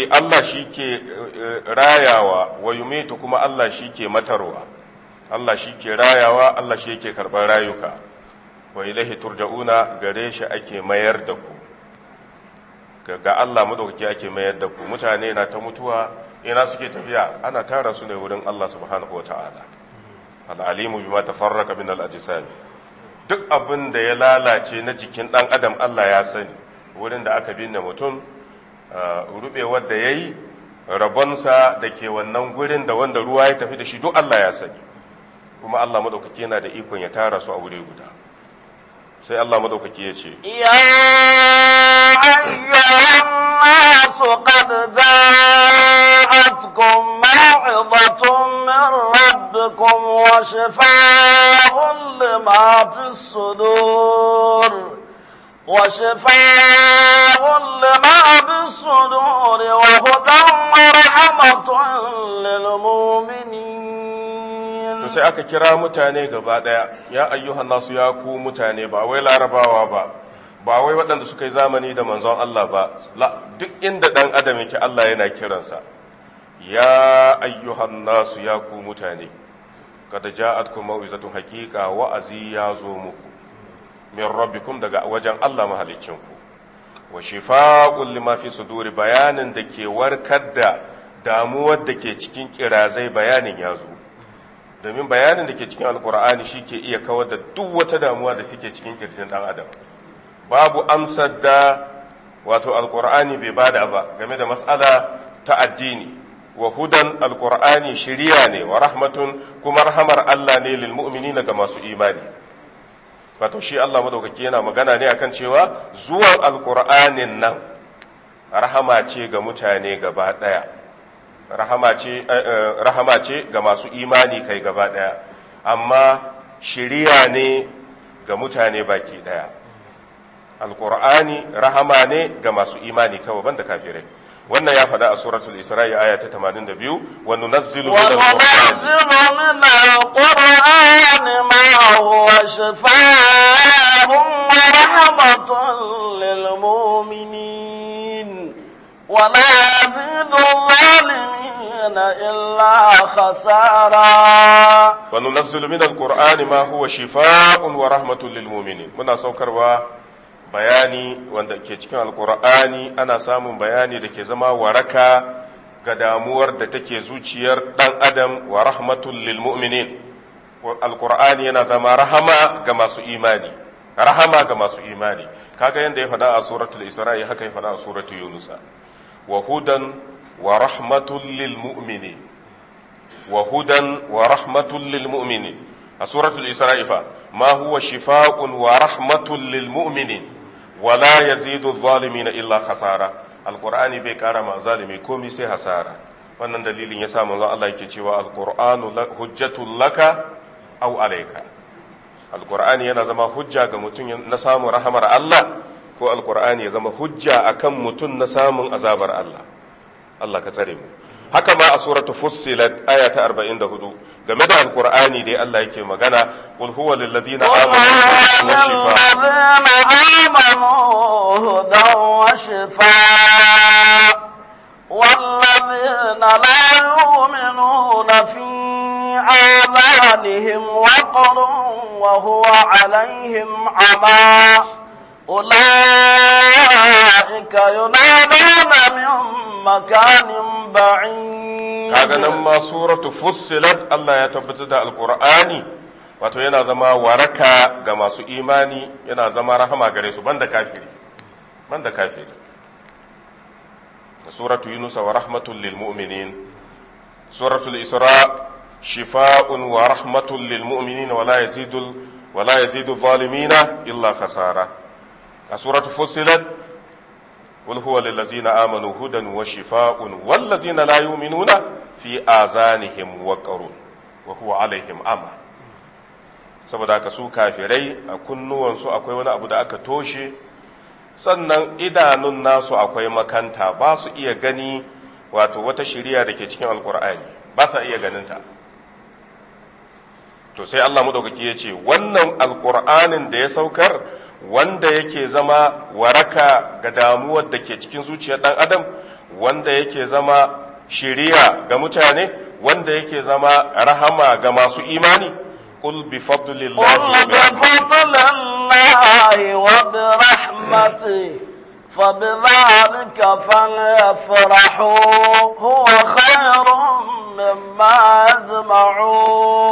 Allah eh, eh, rayawa wa yumitu kuma Allah ke matarwa Allah ke rayawa Allah shi yake karban rayuka wa ilahi turja'una gare shi ake mayar da ku ga Allah madaukaki ake mayar da ku mutane na ta mutuwa ina suke tafiya ana tara su ne wurin Allah subhanahu wa ta'ala alimu bima tafarraqa min al-ajsam duk abin da ya lalace na jikin dan adam Allah ya sani wurin da aka binne mutum uh, rubewar da yayi rabonsa da ke wannan gurin da wanda ruwa ya tafi da shi duk Allah ya sani kuma Allah madaukaki yana da ikon ya tara su a wuri guda sai Allah madaukaki ya ce ya ayyuhan nasu qad ja'atkum maw'izatun min rabbikum wa shifaa'un lima fi sudur wa lima fi sudur wa hudan wa وهدى lil mu'minin sai aka kira mutane gaba ɗaya ya ayyuhan nasu ya ku mutane ba wai larabawa ba ba wai waɗanda suka yi zamani da manzon Allah ba duk inda ɗan adam yake Allah yana kiransa ya ayyuhan nasu ya ku mutane kada ja'atkum mau'izatun haqiqa wa'azi ya zo muku min rabbikum daga wajen Allah ku wa shifa'un lima fi suduri bayanin da ke warkar da damuwar da ke cikin kirazai bayanin ya zo domin bayanin da ke cikin alkur'ani shi ke iya kawar da duk wata damuwa da take cikin kirjin ɗan adam babu amsar da wato alkur'ani bai ba da ba game da matsala ta addini wa hudan alkur'ani shirya ne wa rahmatun kuma rahamar allah ne lil na ga masu imani wato shi allah madaukaki yana magana ne akan cewa zuwan alkur'anin nan rahama ce ga mutane gaba ɗaya Eh, eh, rahama ce ga masu imani kai gaba ɗaya amma shiriya ne ga mutane baki ɗaya alƙur'ani rahama ne ga masu imani kawai banda kafirai wannan ya faɗa a suratul isra'i aya ta 82 wa nunazzilu min alqur'ani ma huwa shifaa'un wa rahmatun lil mu'minin wa la إلا خسارا وننزل من القرآن ما هو شفاء ورحمة للمؤمنين منا سوكر bayani wanda ke cikin alkur'ani ana samun bayani da ke zama waraka ga damuwar da take zuciyar dan adam wa rahmatul lil mu'minin alkur'ani yana zama rahama ga masu imani rahama ga masu imani kaga yadda ya faɗa a suratul isra'i haka ya faɗa a suratul yunusa wa hudan wa rahmatul lil wa hudan wa rahmatul lil mu'mini a suratul isra'i fa ma huwa shifa'un wa rahmatul lil mu'mini wa la yazidu adh-dhalimina illa khasara alqur'ani bai kara ma zalimi komai sai hasara wannan dalilin yasa manzo Allah yake cewa alqur'anu hujjatul laka aw alayka alqur'ani yana zama hujja ga mutum na samu rahmar Allah ko alqur'ani ya zama hujja akan mutum na samun azabar Allah Allah ka tsare mu haka ma a suratu fussilat aya ta 44 game da alqur'ani dai Allah yake magana qul huwa lil ladina amanu wa shifa والذين لا يؤمنون في آذانهم وقر وهو عليهم عمى أولئك ينادون من مكان بعيد kaga nan ma suratu fussilat Allah ya tabbatar da alqur'ani wato yana zama waraka ga masu imani yana zama rahama gare su banda kafiri banda kafiri suratu yunus wa rahmatul lil mu'minin suratul isra shifa'un wa rahmatul lil mu'minin wa la yazidu wa la yazidu zalimina illa khasara a suratu fusilat qul huwa lil ladzina amanu hudan wa shifaa'un wal ladzina la yu'minuna fi azanihim saboda haka su kafirai a kunnuwansu akwai wani abu da aka toshe sannan idanun nasu akwai makanta ba su iya gani wato wata shiriya da ke cikin alkur'ani ba sa iya ganinta to sai allah maɗaukaki ya ce wannan alkur'anin da ya saukar wanda yake zama waraka ga damuwar da ke cikin zuciyar ɗan adam wanda yake zama shiriya ga mutane wanda yake zama rahama ga masu imani قل بفضل الله بفضل الله وبرحمته فبذلك فليفرحوا هو خير مما يجمعون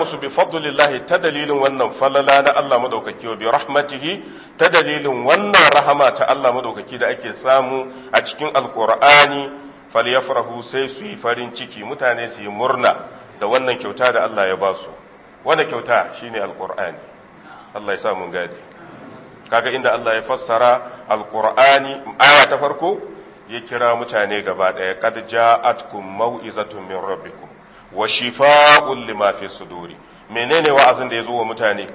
musu bi fadlillahi ta dalilin wannan falala na Allah madaukaki wa bi rahmatihi ta dalilin wannan rahama ta Allah madaukaki da ake samu a cikin alqur'ani falyafrahu sai su yi farin ciki mutane su yi murna da wannan kyauta da Allah ya ba su wannan kyauta shine alqur'ani Allah ya sa mun gade kaga inda Allah ya fassara alqur'ani aya ta farko ya kira mutane gaba daya qad ja'atkum mau'izatun min rabbikum wa shifa'un lima fi suduri menene wa'azin da ya zo wa mutane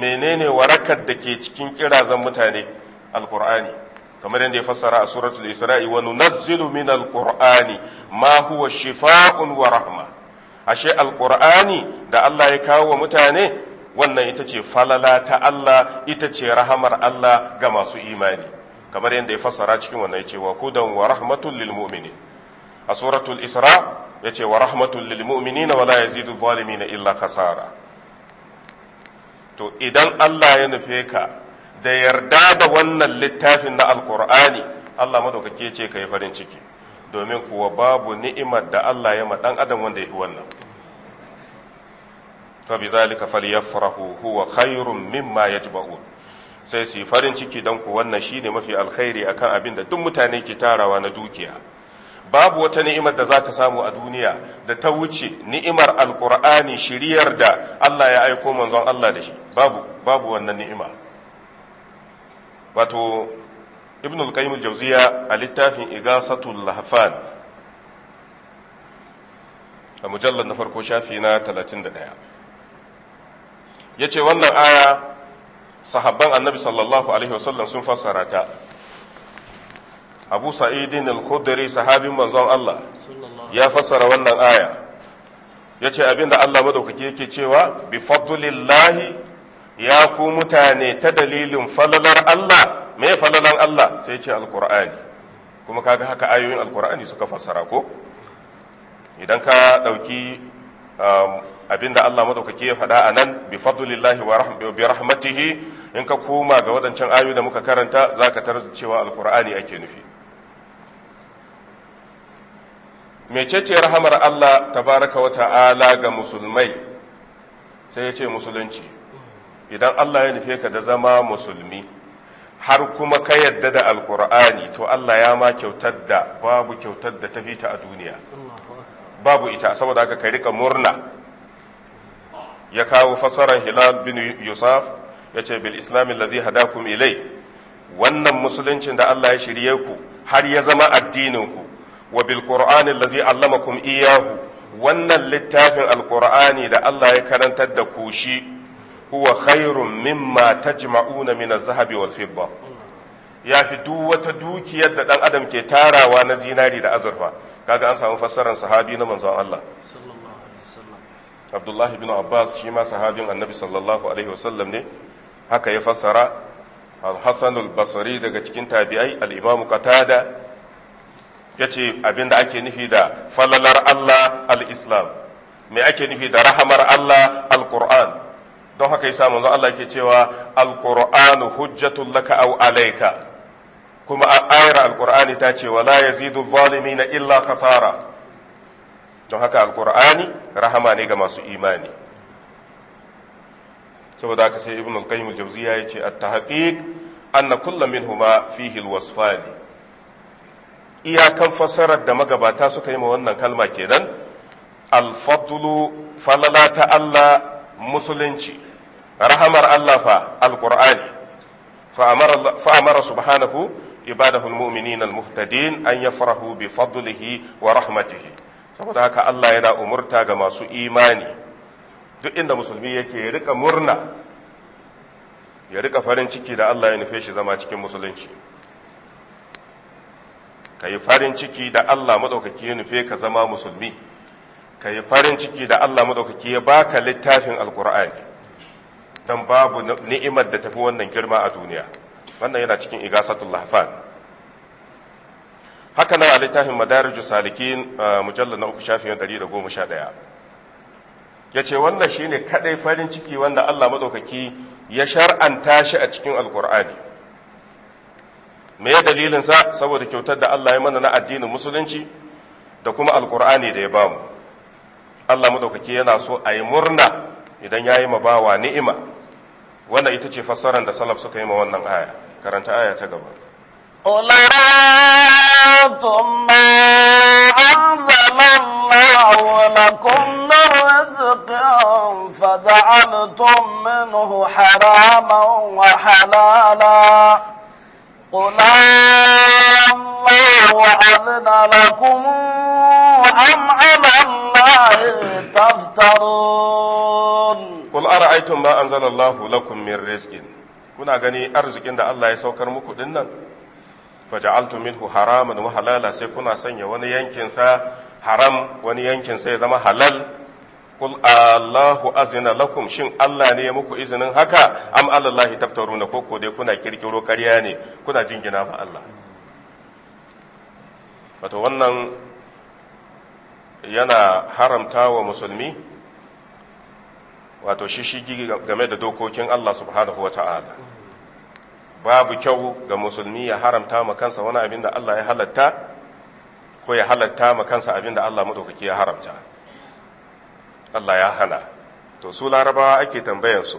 menene warakar da ke cikin kirazan mutane alqur'ani kamar yadda ya fassara a suratul isra'i wa nunazzilu min alqur'ani ma huwa shifa'un wa rahma ashe alqur'ani da Allah ya kawo wa mutane wannan ita ce falala ta Allah ita ce rahamar Allah ga masu imani kamar yadda ya fassara cikin wannan ya ce wa hudan wa rahmatul lil mu'minin a suratul isra yace wa rahmatul lil na wala yazidu na illa kasara to idan Allah ya nufe ka da yarda da wannan littafin na alkur'ani Allah madaukake ce yi farin ciki domin kuwa babu ni'imar da Allah ya ma dan adam wanda ya yi wannan fa bi zalika falyafrahu huwa khairum mimma yajba'un sai su yi farin ciki don ku wannan shine mafi alkhairi akan abin da duk mutane ke tarawa na dukiya babu wata ni'imar da za ka samu a duniya da ta wuce ni'imar alkur'ani shiriyar da Allah ya aiko manzon Allah da shi babu babu wannan ni'ima wato ibn al-qayyim al-jawziya a littafin igasatul lahfan a mujallar na farko shafi na 31 yace wannan aya sahabban annabi sallallahu alaihi wasallam sun fassara ta abu sa'idin al-khudri sahabin manzon Allah ya fassara wannan aya yace abinda Allah madaukake yake cewa bi fadlillahi ya ku mutane ta dalilin falalar Allah me falalan Allah sai ce Al-Qur'ani kuma kaga haka ayoyin Al-Qur'ani suka fassara ko idan ka dauki um, abinda Allah madaukake ya faɗa a nan bi fadlillahi wa bi rahmatihi in ka koma ga waɗancan ayoyi da muka karanta zaka tarar cewa Al-Qur'ani ake nufi mecece rahamar Allah tabaraka wa ta'ala ga musulmai sai ya ce musulunci idan Allah ya nufe ka da zama musulmi har kuma ka yadda da alkur'ani to Allah ya ma kyautar da babu kyautar da tafi ta a duniya babu ita saboda haka ka rika murna ya kawo fasaran hilal bin yusuf ya ce bil islamin lazi hadakum ilai wannan musuluncin da Allah ya shirye ku har ya zama addinin ku wa bilkur'ani lazi allazi allamakum iyahu wannan littafin alkur'ani da Allah ya karantar da ku shi huwa khairun mimma tajma'una min az-zahabi wal fidda ya fi duk wata dukiyar da dan adam ke tarawa na zinari da azurfa kaga an samu fassarar sahabi na manzon Allah Abdullah ibn Abbas shi ma sahabin Annabi sallallahu alaihi wasallam ne haka ya fassara Al-Hasan al-Basri daga cikin tabi'ai al-Imam Qatada ya ce abin ake nufi da falalar Allah al-Islam me ake nufi da rahamar Allah al-Qur'an don haka yasa manzo Allah yake cewa al hujjatun hujjatul laka aw alayka kuma ayar al-Qur'ani ta ce wala yazidu na illa khasara don haka al-Qur'ani rahama ne ga masu imani saboda haka sai ibn al-Qayyim al-Jawziyya yace at-tahqiq anna kullu minhuma fihi al-wasfani iyakan fasarar da magabata suka yi ma wannan kalma kenan alfadulu falala ta Allah musulunci rahamar Allah fa alqur'ani fa'amara subhanahu ibadahu almu'minin almuhtadin an yafrahu bi fadlihi wa rahmatihi saboda haka Allah yana umurta ga masu imani duk inda musulmi yake rika murna ya rika farin ciki da Allah ya nufe shi zama cikin musulunci ka yi farin ciki da Allah maɗaukaki ya nufe ka zama musulmi ka yi farin ciki da Allah maɗaukaki ya baka littafin alkur'ani don babu ni'imar da tafi wannan girma a duniya wannan yana cikin igasatul lahfan haka nan a littafin madaraju salikin mujallar na uku sha 111 ya ce wannan shine kaɗai farin ciki wanda Allah maɗaukaki ya shar'anta shi a cikin alkur'ani me ya sa saboda kyautar da Allah ya mana na addinin musulunci da kuma alkur'ani da ya ba mu. Allah madaukaki yana so a yi murna idan ya yi bawa ni'ima wannan ita ce fassarar da salaf suka yi ma wannan aya karanta aya ta gaba قل أرأيتم ما أنزل الله لكم من رزق فجعلتم منه حراما وحلالا قل الله أذن لكم أم على الله تفترون قل أرأيتم ما أنزل الله لكم من رزق kuna gani arzikin da Allah ya saukar muku dinnan faja'altu minhu haraman wa halala sai kuna sanya wani yankin sa haram wani yankin sa ya zama halal kul Allahu azina lakum shin Allah ne ya muku izinin haka am alallahi taftaruna ko ko dai kuna kirkiro ƙarya ne kuna jingina ma Allah wato wannan yana haramta wa musulmi wato shishigi game da dokokin Allah subhanahu wa ta'ala babu kyau ga musulmi ya haramta ma kansa wani abin da Allah ya halatta ko ya halatta ma kansa abin da Allah maɗaukaki ya haramta Allah ya hana to su larabawa ake tambayansu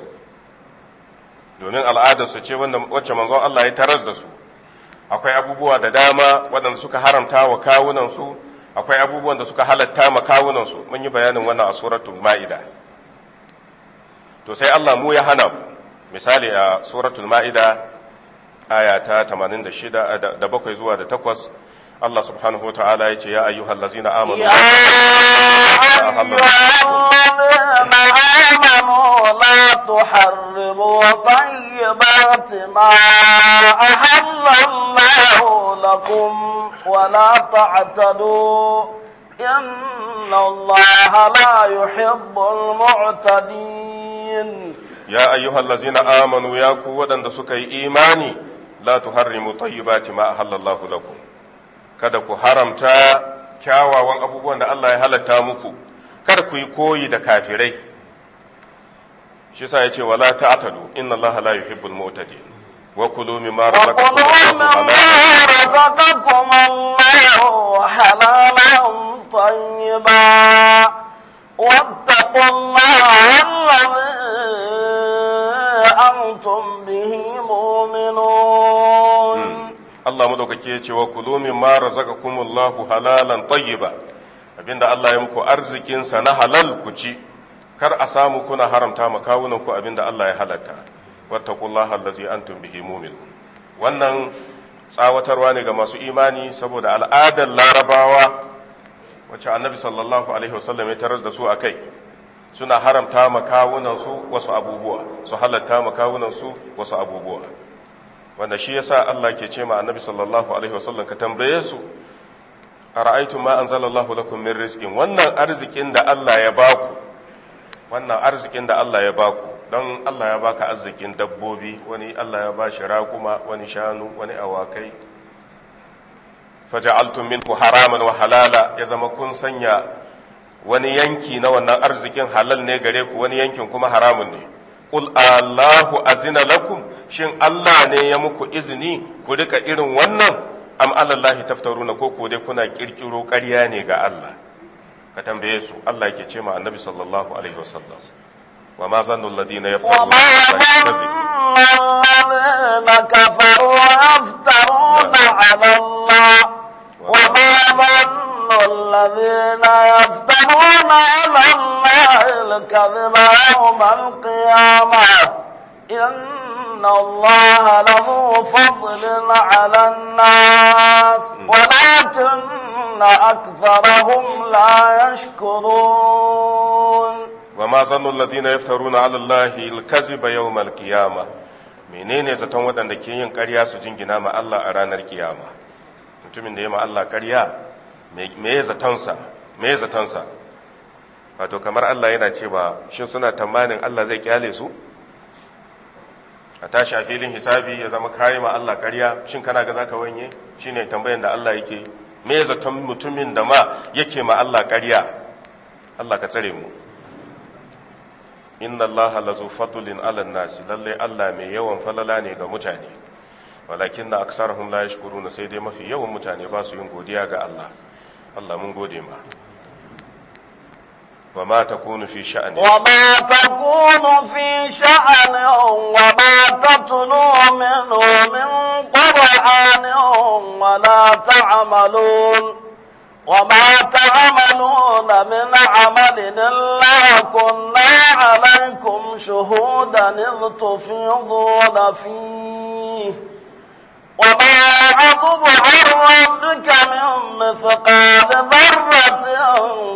domin al'adarsu ce wacce manzon Allah ya taras da su akwai abubuwa da dama waɗanda suka haramta wa kawunansu akwai abubuwan da suka halatta ma kawunansu mun yi bayanin wannan a suratul ma'ida to sai Allah mu ya hana misali a suratul ma'ida aya ta 86 da 7 zuwa da 8 Allah subhanahu wata'ala ya ce ya ayyuhal lazina amanu ya amanu la tuharrimu tayyibati ma ahallallahu lakum wa la ta'tadu inna Allah la yuhibbul mu'tadin ya ayyuhal lazina amanu ya ku waɗanda suka yi imani la tuharrimu tayyibati ma ahallallahu kada ku haramta kyawawan abubuwan da Allah ya halatta muku kada ku yi koyi da kafirai shi sa ya ce wala ta'tadu inna Allah la yuhibbul mu'tadin wa kulu mimma razaqakum Allah halalan tayyiba واتقوا الله الذي أنتم به مؤمنون Allah madaukaki ya ce wa kulu mimma razaqakumullahu halalan tayyiba abinda Allah ya muku arzikin sa na halal ku ci kar a samu kuna haramta ma kawunan ku abinda Allah ya halatta wattaqullaha allazi antum bihi mu'minun wannan tsawatarwa ne ga masu imani saboda al'adar larabawa wacce annabi sallallahu alaihi wasallam ya tarar da su akai suna haramta ma kawunan su wasu abubuwa su halatta ma kawunan su wasu abubuwa wanda shi yasa Allah ke ce ma annabi sallallahu alaihi wasallam ka tambaye su ara'aytum ma anzalallahu lakum min rizqin wannan arzikin da Allah ya baku wannan arzikin da Allah ya baku don Allah ya baka arzikin dabbobi wani Allah ya bashi raƙuma wani shanu wani awakai faja'altum minku haraman wa halala ya zama kun sanya wani yanki na wannan arzikin halal ne gare ku wani yankin kuma haramun ne qul allahu azina lakum shin allah ne ya muku izini ku rika irin wannan am alallahi taftaruna ko ko dai kuna ƙirƙiro ƙarya ne ga allah ka tambaye su allah yake ce ma annabi sallallahu alaihi wasallam wa ma zannu alladhina yaftaruna yaftaruna الذين يفترون على الله الكذب يوم القيامة إن الله له فضل على الناس ولكن أكثرهم لا يشكرون وما ظن الذين يفترون على الله الكذب يوم القيامة menene zaton waɗanda ke yin ƙarya su jingina ma Allah a ranar kiyama mutumin da ya ma Allah ƙarya me ya zatonsa wato kamar Allah yana ce ba, shin suna tamanin Allah zai kyale su a tashi a filin hisabi ya zama kayi ma Allah karya, shin kana ga zaka wanye Shi ne tambayin da Allah yake me zaton mutumin da ma yake ma Allah karya? Allah ka tsare mu inna Allah lazu fadlin alan nasi lalle Allah mai yawan falala ne ga mutane walakin na shi la na, sai dai mafi yawan mutane ba su yin godiya ga Allah Allah mun gode ma وما تكون في شأن وما تكون في شأن وما تتلو منه من قرآن ولا تعملون وما تعملون من عمل إلا كنا عليكم شهودا إذ تفيضون فيه وما يعظم عن ربك من مثقال ذرة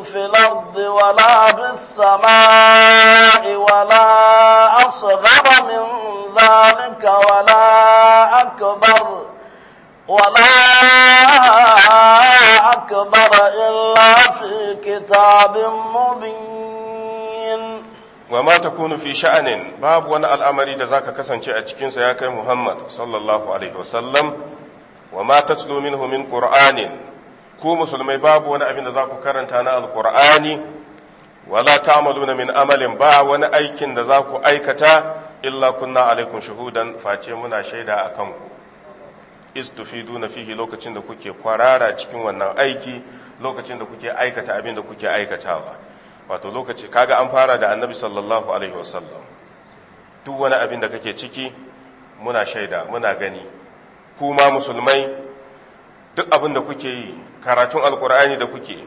في الأرض ولا بالسماء ولا أصغر من ذلك ولا أكبر ولا أكبر إلا في كتاب مبين wa ma kunu fi sha'anin babu wani al'amari da zaka kasance a cikin ya kai Muhammad sallallahu alaihi wasallam wa ma tatlu minhu min qur'anin ku musulmai babu wani abin da zaku karanta na alqur'ani wala ta'maluna min amalin ba wani aikin da zaku aikata illa kunna alaikum shahudan face muna shaida kan ku istufiduna fihi lokacin da kuke kwarara cikin wannan aiki lokacin da kuke aikata abin da kuke aikatawa wato lokaci kaga an fara da annabi sallallahu alaihi wasallam duk wani abin da kake ciki muna shaida muna gani kuma musulmai duk abin da kuke yi karatun alkur'ani da kuke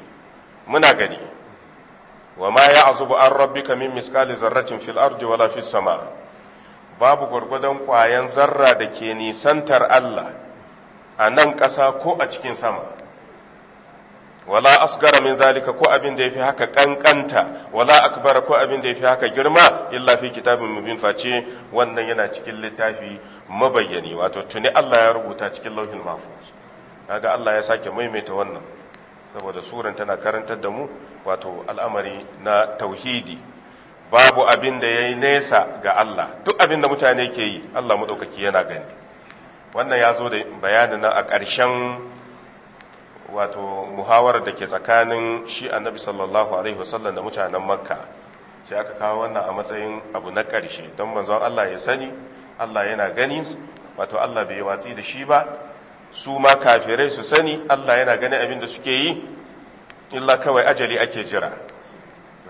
muna gani wa ma azubu an rabbika kamin miskali zarracin fil ardi wala fis sama babu gwargwadon kwayan zarra da ke nisantar Allah a nan ƙasa ko a cikin sama wala asgara min zalika ko abin da yafi haka kankanta wala akbara ko abin da fi haka girma illa fi kitabin mubin face wannan yana cikin littafi mabayyani wato tuni Allah ya rubuta cikin lauhin mahfuz kaga Allah ya sake maimaita wannan saboda suran tana karantar da mu wato al'amari na tauhidi babu abin da yayi nesa ga Allah duk abin da mutane ke yi Allah madaukaki yana gani wannan ya zo da bayanin na a ƙarshen wato muhawarar da ke tsakanin shi annabi sallallahu alaihi wasallam da mutanen makka sai aka kawo wannan a matsayin abu na ƙarshe don manzon Allah ya sani Allah yana gani wato Allah bai watsi da shi ba su ma kafirai su sani Allah yana gani abin da suke yi illa kawai ajali ake jira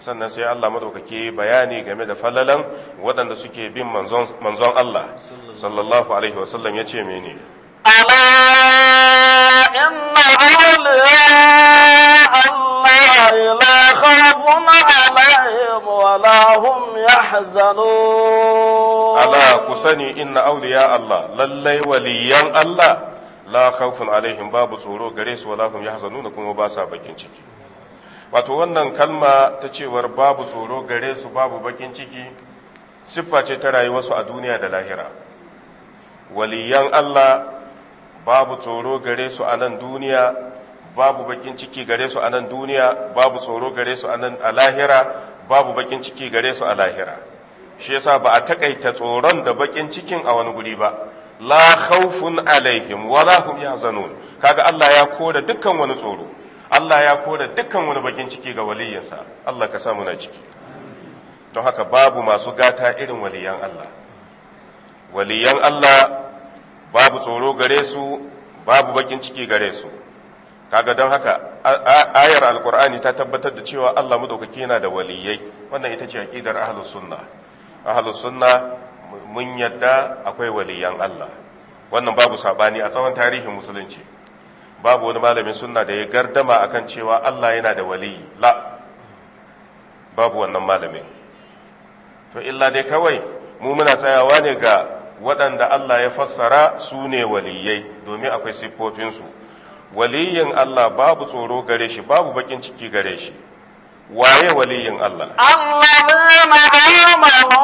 sannan sai Allah madaukake bayani game da falalan waɗanda suke bin manzon Allah sallallahu alaihi wasallam ya ce mene ne فإن أولياء الله لا خوف عليهم ولا هم يحزنون ألا كسني إن أولياء الله للي وليا الله لا خوف عليهم باب tsoro gare su wala hum yahzanuna kuma ba bakin ciki wato wannan kalma ta cewar babu tsoro gare su babu bakin ciki siffa ce ta rayuwarsu a duniya da lahira waliyan Allah babu tsoro gare su a nan duniya babu bakin ciki gare su a nan duniya babu tsoro gare su a nan a lahira babu bakin ciki gare su a lahira shi yasa ba a takaita tsoron da bakin cikin a wani guri ba la khawfun alaihim la hum yahzanun kaga Allah ya kora dukkan wani tsoro Allah ya kora dukkan wani bakin ciki ga waliyinsa Allah ka samu na ciki don haka babu masu gata irin waliyan Allah waliyan Allah babu tsoro gare su babu bakin ciki gare su kaga don haka ayar alkur'ani ta tabbatar da cewa Allah madaukaki yana da waliyai wannan ita ce aqidar ahlus sunna ahlus sunna mun yadda akwai waliyan Allah wannan babu sabani a tsawon tarihin musulunci babu wani malamin sunna da ya gardama akan cewa Allah yana da waliyi la babu wannan malamin to illa dai kawai mu muna tsayawa ne ga waɗanda Allah ya fassara su ne waliyai domin akwai siffofinsu waliyin Allah babu tsoro gare shi babu bakin ciki gare shi waye waliyin Allah allazina amanu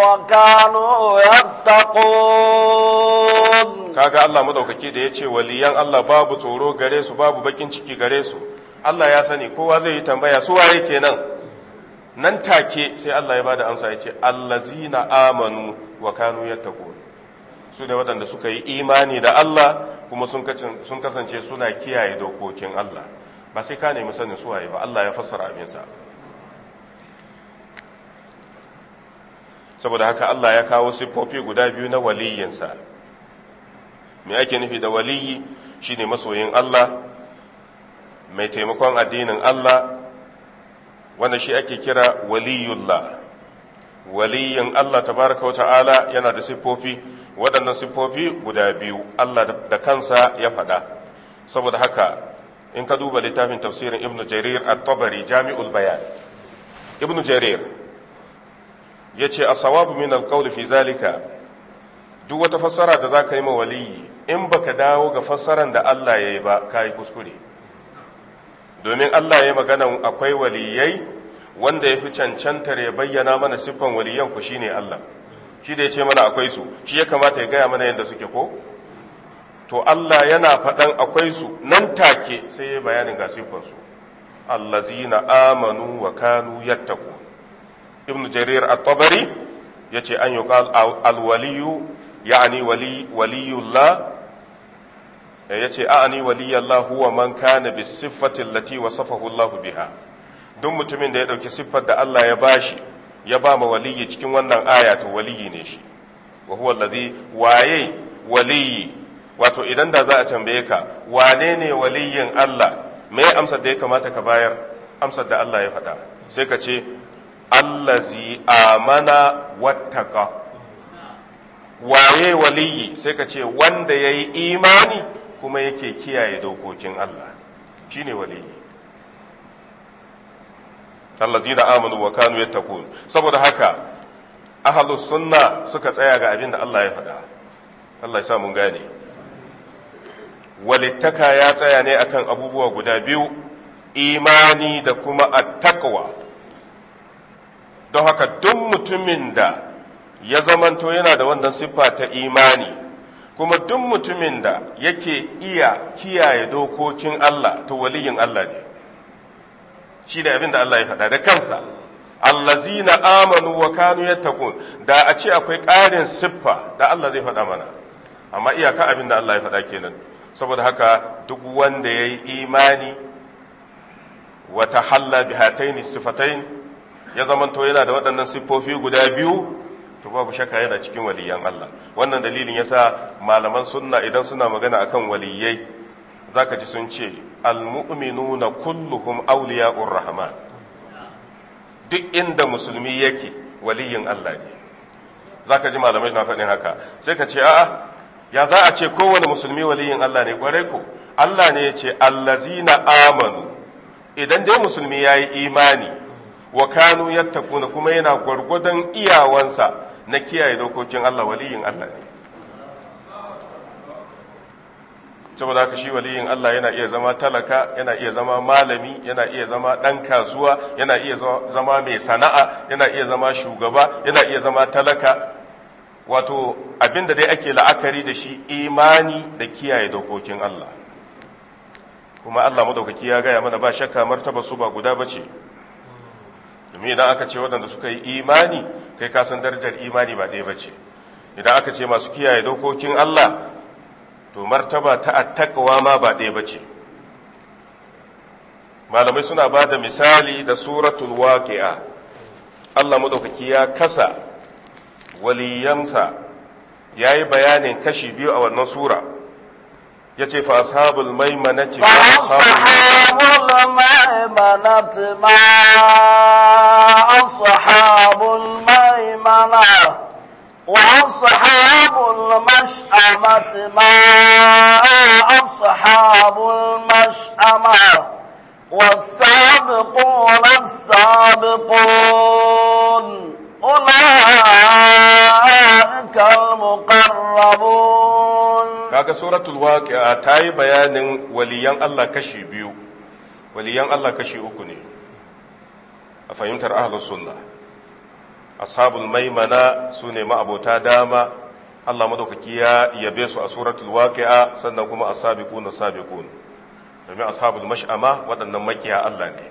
wa kanu yattaqun kaga Allah madaukaki da yace waliyan Allah babu tsoro gare su babu bakin ciki gare su Allah ya sani kowa zai yi tambaya su waye kenan nan take sai Allah ya bada amsa ya ce allazina amanu wa kanu yattaqu su ne waɗanda suka yi imani da Allah kuma sun kasance suna kiyaye dokokin Allah ba sai ka nemi sanin suwaye ba Allah ya fassara abinsa saboda haka Allah ya kawo siffofi guda biyu na waliyinsa me ake nufi da waliyi shine masoyin Allah mai taimakon addinin Allah wanda shi ake kira waliyullah waliyin Allah tabaraka wa ta'ala yana da siffofi waɗannan siffofi guda biyu Allah da kansa ya faɗa saboda haka in ka duba littafin tafsirin ibnu jarir at-tabari jami'ul bayan ibnu jarir ya ce as-sawabu min al-qawl fi zalika duk wata fassara da za ka yi ma waliyi in baka dawo ga fassaran da Allah ya yi ba ka yi kuskure domin Allah ya magana akwai waliyai wanda ya fi cancantar ya bayyana mana siffan waliyan ku shine Allah shi da ya ce mana akwai su shi ya kamata ya gaya mana yadda suke ko to Allah yana faɗan akwai su nan take sai ya bayanin ga siffan su allazina amanu wa kanu yattaku ibnu jarir at-tabari yace an yuqal al-waliyu yani wali waliyullah ya ce a'ani waliyallahu wa man kana bi siffatin lati safahu Allahu biha duk mutumin da ya dauki siffar da Allah ya bashi ya ba ma waliyi cikin wannan aya to waliyi ne shi wa huwa allazi waye waliyi wato idan da za a tambaye ka wane ne waliyin Allah me amsar da ya kamata ka bayar amsar da Allah ya faɗa sai ka ce allazi amana wattaqa waye waliyi sai ka ce wanda yayi imani kuma yake kiyaye dokokin Allah shine wali allazina amanu wa kanu tako saboda haka ahalus sunna suka tsaya ga abin da Allah ya faɗa Allah ya sa mun gane walittaka ya tsaya ne akan abubuwa guda biyu imani da kuma attaqwa don haka duk mutumin da ya zamanto yana da wannan siffa ta imani kuma duk mutumin da yake iya kiyaye dokokin Allah to waliyin Allah ne shi da abin da Allah ya faɗa da kansa allazina amanu wa kanu yattaqun da a ce akwai ƙarin siffa da Allah zai faɗa mana amma iyaka abin da Allah ya faɗa kenan saboda haka duk wanda yayi imani wa tahalla bihataini sifatain ya zamanto yana da waɗannan siffofi guda biyu to babu shakka yana cikin waliyan Allah wannan dalilin yasa malaman sunna idan suna magana akan waliyai zaka ji sun ce almu'minuna kulluhum awliya'ur rahman duk inda musulmi yake waliyin Allah ne zaka ji malamai na faɗin haka sai ka ce a'a ya za a ce kowane musulmi waliyin Allah ne kwarai ko Allah ne ya ce allazina amanu idan dai musulmi yayi imani wa kanu yattaquna kuma yana gwargwadon iyawansa na kiyaye dokokin Allah waliyin Allah ne saboda haka shi waliyin Allah yana iya zama talaka yana iya zama malami yana iya zama ɗan kasuwa yana iya zama mai sana'a yana iya zama shugaba yana iya zama talaka wato abinda dai ake la'akari da shi imani da kiyaye dokokin Allah kuma Allah madaukaki ya gaya mana ba shakka martaba su ba guda ba ce. domin idan aka ce waɗanda suka yi imani kai kasan darajar imani ba ɗaya bace idan aka ce masu kiyaye dokokin Allah to martaba ta attaqwa ma ba ɗaya bace malamai suna ba da misali da suratul waqi'a Allah madaukaki ya kasa waliyansa yayi bayanin kashi biyu a wannan sura yace fa ashabul maimanati fa ashabul maimanati ma وأصحاب الميمنة وأصحاب المشأمة ما أصحاب المشأمة والسابقون السابقون أولئك المقربون kaga suratul waqi'a ta yi bayanin waliyan Allah kashi biyu waliyan Allah kashi uku ne a fahimtar ahlus sunna ashabul maimana su ne ma'abota dama Allah madaukaki ya yabe su a suratul waqi'a sannan kuma as-sabiqun as-sabiqun domin ashabul mash'ama waɗannan makiya Allah ne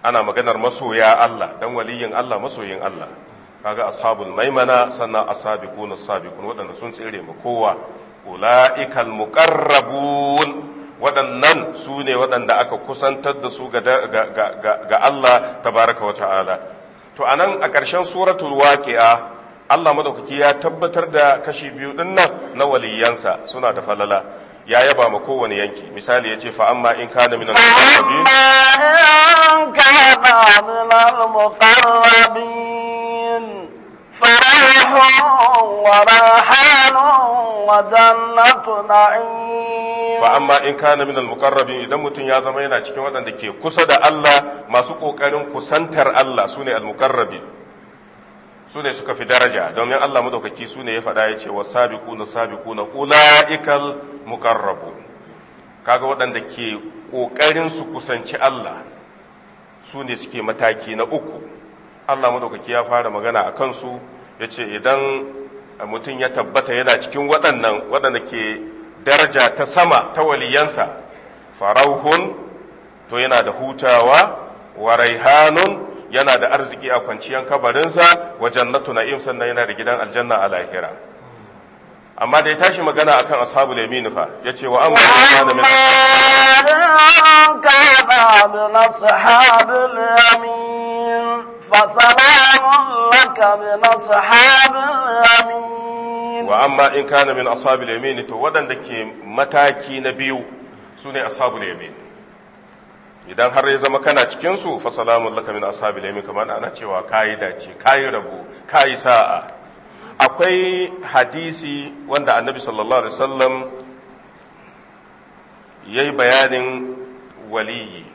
ana maganar masoya Allah dan waliyin Allah masoyin Allah kaga ashabul maimana sannan as-sabiqun as-sabiqun waɗanda sun tsere ma kowa ulaikal muqarrabun waɗannan su ne waɗanda aka kusantar da su ga Allah tabaraka wa ta'ala to a nan a ƙarshen suratul waqi'a Allah madaukaki ya tabbatar da kashi biyu ɗin na waliyansa suna da falala ya yaba ma kowane yanki misali ya ce fa amma in da minan muqarrabin روح وريحان وجنة نعيم فأما إن كان من المقربين إذا متن يا cikin waɗanda ke kusa da Allah masu kokarin kusantar Allah sune al-muqarrabi sune suka fi daraja domin Allah madaukaki sune ya faɗa ya ce wasabiquna sabiquna ulaikal mukarrabu kaga waɗanda ke ƙoƙarin su kusanci Allah sune suke mataki na uku Allah madaukaki ya fara magana a kansu ya ce idan mutum ya tabbata yana cikin waɗannan waɗanda ke daraja ta sama ta waliyansa farauhun to yana da hutawa wa raihanun yana da arziki a kwanciyar kabarinsa wa jannatu na'im sannan yana da gidan aljanna a lahira amma da ya tashi magana akan ashabul yamin fa yace wa amma kana min min فسلام لك من أصحاب اليمين وأما إن كان من أصحاب اليمين تو ودن دكي متاكي نبيو سوني أصحاب اليمين idan har ya zama kana cikinsu fa salamun laka min ashabil yamin kamar ana cewa kayi dace kayi rabo kayi sa'a akwai hadisi wanda annabi sallallahu alaihi wasallam yi bayanin waliyi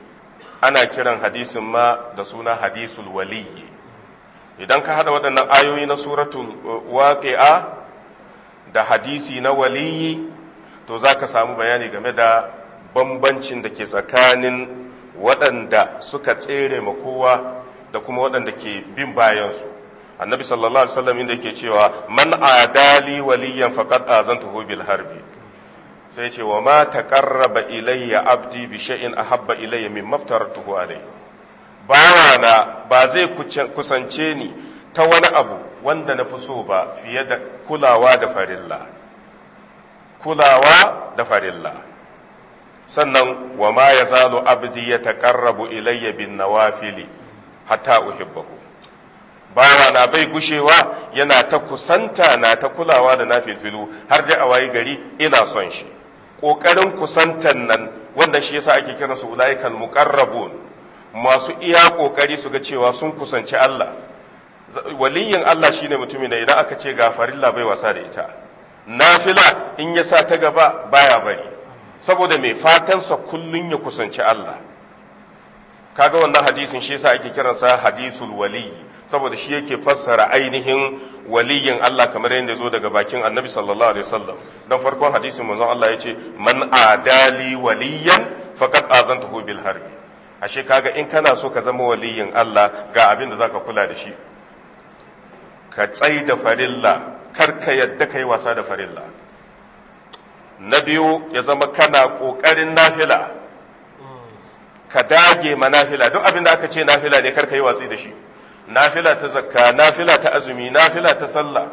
ana kiran hadisin ma da suna hadisul waliyyi idan ka hada waɗannan ayoyi na suratul uh, waƙi'a da hadisi na waliyyi to za ka samu bayani game da bambancin da ke tsakanin waɗanda suka tsere ma kowa da kuma waɗanda ke bin bayansu annabi sallallahu alaihi wasallam inda yake cewa man adali waliyan faqad azantuhu bil harbi sai ce wa ma ƙarraba ilayya abdi bi habba habba ilayya min aftaratuhu alayhi bawana ba zai kusance ni ta wani abu wanda na fi so ba fiye da kulawa da farilla kulawa da farilla sannan wa ma ya zalo abdi ya taƙarrabu ilayya bin nawafili hatta uhibbahu bawa na bai gushewa yana ta kusanta na ta kulawa da na filfilu har dai a wayi gari ina son shi ƙoƙarin kusantan nan wanda shi yasa ake kiran su ulaikal muqarrabun masu iya ƙoƙari su ga cewa sun kusanci Allah waliyin Allah shine mutumin da idan aka ce gafarilla bai wasa da ita nafila in ya sa ta gaba baya bari saboda mai fatansa kullun ya kusanci Allah kaga wannan hadisin shi yasa ake kiransa hadisul wali saboda shi yake fassara ainihin waliyin Allah kamar yadda zo daga bakin annabi sallallahu alaihi wasallam dan farkon hadisin manzon Allah ya ce man adali waliyan faqad azantuhu bil harbi ashe kaga in kana so ka zama waliyin Allah ga abin da zaka kula da shi ka tsai da farilla kar ka yadda kai wasa da farilla na biyu ya zama kana kokarin nafila ka dage ma nafila duk abin da aka ce nafila ne kar ka yi watsi da shi nafila ta zakka nafila ta azumi nafila ta sallah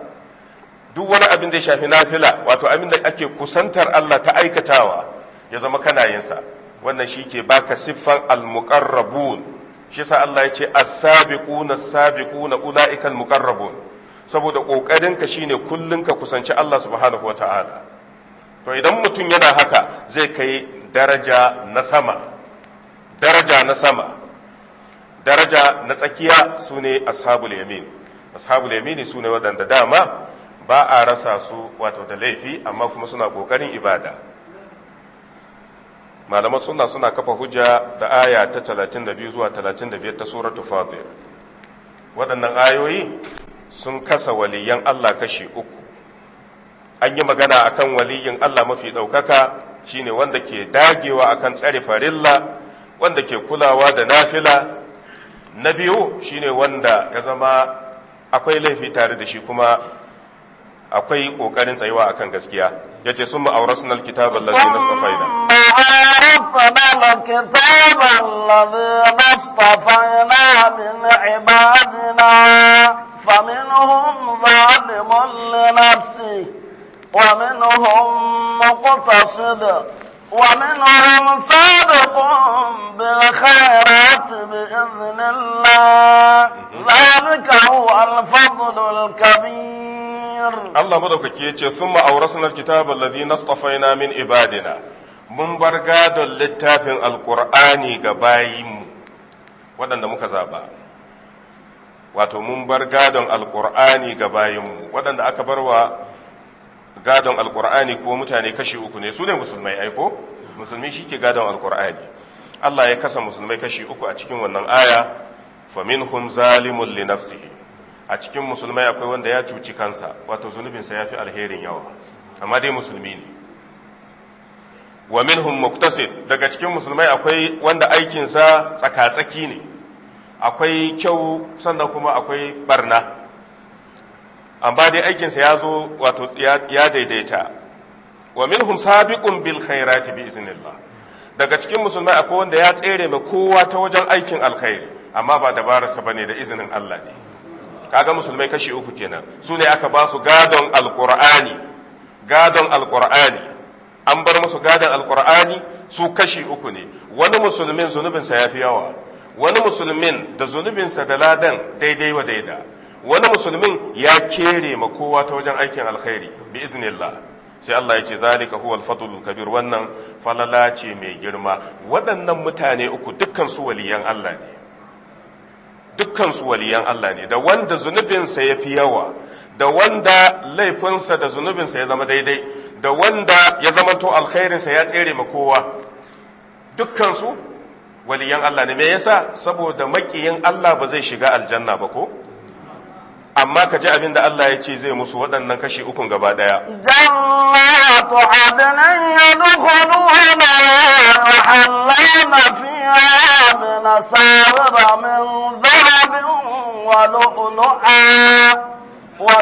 duk wani abin da ya shafi nafila wato abin da ake kusantar Allah ta aikatawa ya zama kana yin sa wannan shike baka siffan almuqarrabun shi yasa Allah ya ce as-sabiquna as-sabiquna ulaika almuqarrabun saboda kokarin ka shine kullun ka kusanci Allah subhanahu wataala to idan mutum yana haka zai kai daraja na sama daraja na sama daraja na tsakiya su ne ashabul yamin ashabul yamini su ne waɗanda dama ba a rasa su wato da laifi amma kuma suna ƙoƙarin ibada malaman suna suna kafa hujja da aya ta 32 zuwa 35 ta suratul fatir waɗannan ayoyi sun kasa waliyan Allah kashi uku an yi magana akan waliyin Allah mafi ɗaukaka shine wanda ke dagewa akan tsare farilla wanda ke kulawa da nafila na biyu shine wanda ya zama akwai laifi tare da shi kuma akwai ƙoƙarin tsayuwa akan gaskiya ya ce sun ma'aurasun alkitabar lalzi na tsafaina فمنهم ظالم لنفسه ومنهم مقتصد ومنهم صادق بالخيرات بإذن الله ذلك هو الفضل الكبير الله مدوكك يتي ثم أورثنا الكتاب الذي نصطفينا من عبادنا mun bar gadon littafin alkur'ani ga bayinmu waɗanda muka zaɓa wato mun bar gadon alkur'ani ga bayinmu waɗanda aka bar wa gadon alkur'ani ko mutane kashi uku ne su ne musulmai aiko musulmi shi ke gadon alkur'ani allah ya kasa musulmai kashi uku a cikin wannan aya faminhum zalimun li nafsihi a cikin musulmai akwai wanda ya cuci kansa wato zunubinsa ya fi alherin yawa amma dai musulmi ne wa minhum muqtasid daga cikin musulmai akwai wanda aikinsa tsaka-tsaki ne akwai kyau sannan kuma akwai barna amma dai aikinsa ya zo wato ya daidaita wa minhum sabiqun bil khairati bi iznillah daga cikin musulmai akwai wanda ya tsere mai kowa ta wajen aikin alkhairi amma ba dabararsa bane da izinin Allah ne kaga musulmai kashi uku kenan su ne aka ba su gadon alqur'ani gadon alqur'ani an bar musu gadon alqur'ani su kashi uku ne wani musulmin zunubinsa ya fi yawa wani musulmin da zunubinsa da ladan daidai wa daida wani musulmin ya kere ma kowa ta wajen aikin alkhairi bi iznillah sai Allah ya ce zalika huwal al kabir wannan falala ce mai girma waɗannan mutane uku dukkan su waliyan Allah ne dukkan su waliyan Allah ne da wanda zunubinsa ya fi yawa da wanda laifinsa da zunubinsa ya zama daidai da wanda ya zama to sa ya tsere ma kowa dukkan su waliyan Allah ne me yasa saboda makiyin Allah ba zai shiga aljanna ba ko amma ka ji abin da Allah ya ce zai musu waɗannan kashi ukun gaba ɗaya. Jannatu adnan yadkhuluha la yuhalluna fiha min asawira min dhahabin wa lu'lu'a wa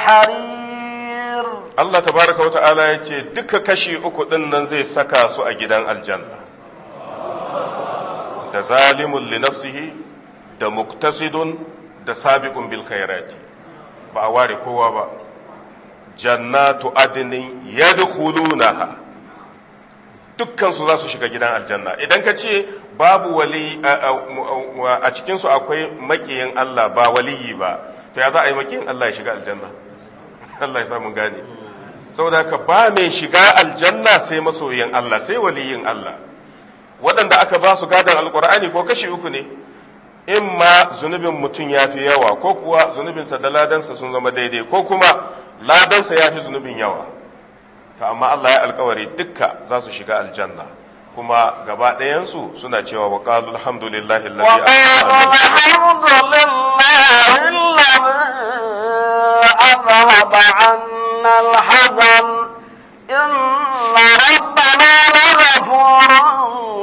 harir. Allah tabaraka wa ta'ala ya ce duka kashi uku ɗin nan zai saka su a gidan aljanna. Da zalimun li nafsihi da muktasidun da sabiqun bil khairati ba a ware kowa ba jannatu adnin yadkhulunaha dukkan su za su shiga gidan aljanna idan ka ce babu wali a cikin su akwai makiyin Allah ba waliyi ba to ya za a yi makiyin Allah ya shiga aljanna Allah ya samu gane saboda haka ba mai shiga aljanna sai masoyin Allah sai waliyin Allah waɗanda aka ba su gadon alkur'ani ko kashi uku ne in ma zunubin mutum ya fi yawa ko kuwa zunubinsa da ladansa sun zama daidai ko kuma ladansa ya fi zunubin yawa ta amma Allah ya alkawari dukka za su shiga aljanna kuma gaba ɗayansu suna cewa wa qalu alhamdulillahi alladhi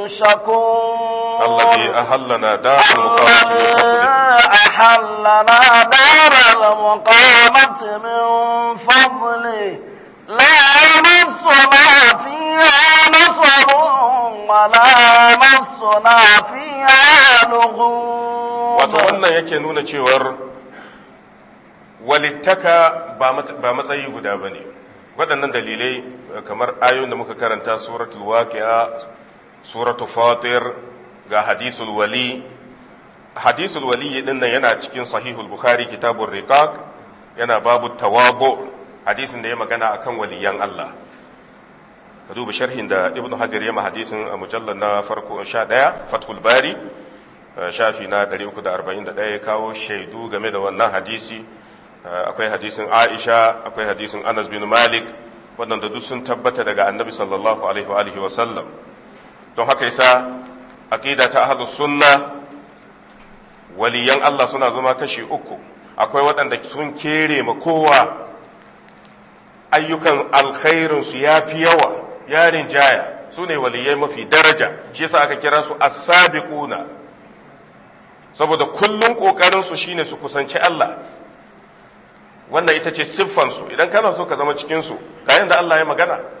شكور الذي أهلنا دار المقامة أهلنا دار المقامة من فضله لا فيها نصب ولا فيها yake nuna cewar walittaka ba matsayi guda ba ne waɗannan dalilai kamar ayoyin da muka karanta suratul waqi'a suratu fatir ga hadisul wali hadisul wali din nan yana cikin sahihul bukhari kitabur riqaq yana babu tawabu hadisin da ya magana akan waliyan Allah ka duba sharhin da ibnu hajar ya ma hadisin a mujallar na farko 11 fathul bari eh, shafi na 341 ya kawo shaidu game da wannan hadisi eh, akwai hadisin aisha akwai hadisin anas bin malik waɗanda duk sun tabbata daga annabi sallallahu alaihi wa sallam don haka yasa aqida ta ahlu sunna waliyan Allah suna zama kashi uku akwai waɗanda sun kere ma kowa ayyukan alkhairin su fi yawa yarin jaya su ne waliyai mafi daraja shi yasa aka kira su as-sabiquna saboda kullum kokarin su shine su kusanci Allah wannan ita ce siffansu idan kana so ka zama cikin su ga yanda Allah ya magana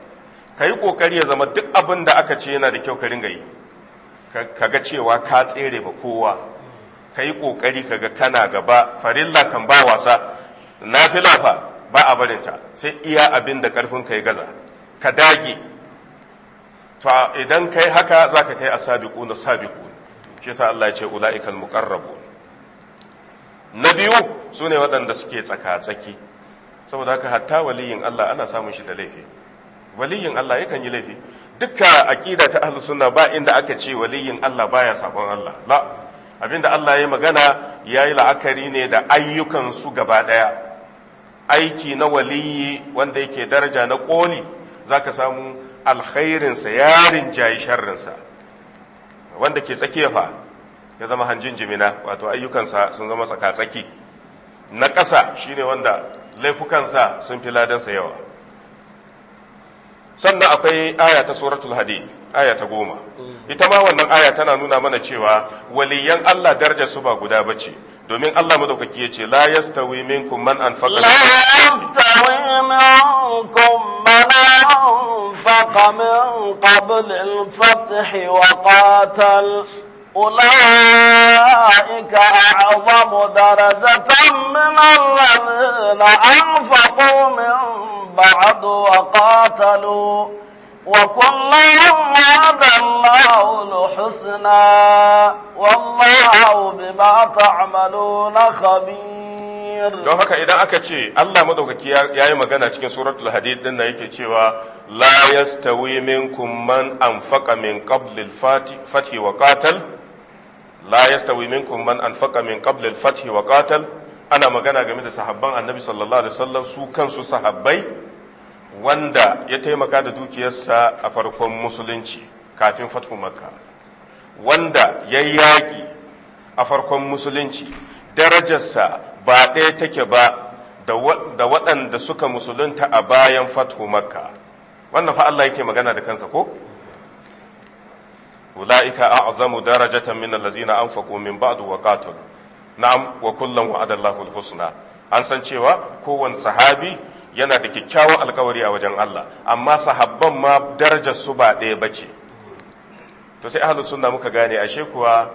ka yi ƙoƙari ya zama duk abin da aka ce yana da kyau ka ringa yi ka ga cewa ka tsere ba kowa ka yi ƙoƙari ka ga kana gaba farilla kan ba wasa na lafa ba a barinta sai iya abin da ƙarfin ka yi gaza ka dage to idan kai haka za ka kai a sabiku na sabiku shi sa Allah ya ce ula'ikal muqarrabu na biyu su ne waɗanda suke tsaka-tsaki saboda haka hatta waliyin Allah ana samun shi da laifi waliyin Allah yakan yi laifi dukka aqida ta ahlus sunna ba inda aka ce waliyin Allah baya sabon Allah la abinda Allah ya magana yayi la'akari ne da ayyukan su gaba daya aiki na waliyi wanda yake daraja na koli zaka samu alkhairinsa yarin jayi sharrinsa wanda ke tsakiya fa ya zama hanjin jimina wato ayyukansa sun zama tsaka-tsaki na ƙasa shine wanda laifukan sa sun fi ladansa yawa sannan akwai aya ta suratul hadid aya ta goma ita ma wannan aya tana nuna mana cewa waliyan Allah daraja su ba guda bace domin Allah madaukaki yace la yastawi minkum man anfaqa la yastawi minkum man anfaqa min qabl al-fath wa qatal أولئك أعظم درجة من الذين أنفقوا من بعد وقاتلوا وكلهم وعد الله الحسنى والله بما تعملون خبير don haka idan aka ce Allah madaukaki ya yi magana cikin suratul hadid din yake cewa la yastawi minkum man anfaqa min qabl al-fathi wa qatal la yastawi minkum man anfaqa min qabl al-fath wa qatal ana magana game da sahabban annabi sallallahu alaihi wasallam su kansu sahabbai wanda ya taimaka da dukiyarsa a farkon musulunci kafin fathu makka wanda ya yaƙi a farkon musulunci darajarsa ba ɗaya take ba da waɗanda suka musulunta a bayan fathu makka wannan fa Allah yake magana da kansa ko ulaika a'zamu darajatan min allazina anfaqu min ba'du wa qatalu na'am wa kullam wa Allahu al-husna an san cewa kowane sahabi yana da kyakkyawan alkawari a wajen Allah amma sahabban ma darajar su ba ɗaya bace to sai ahlus sunna muka gane ashe kuwa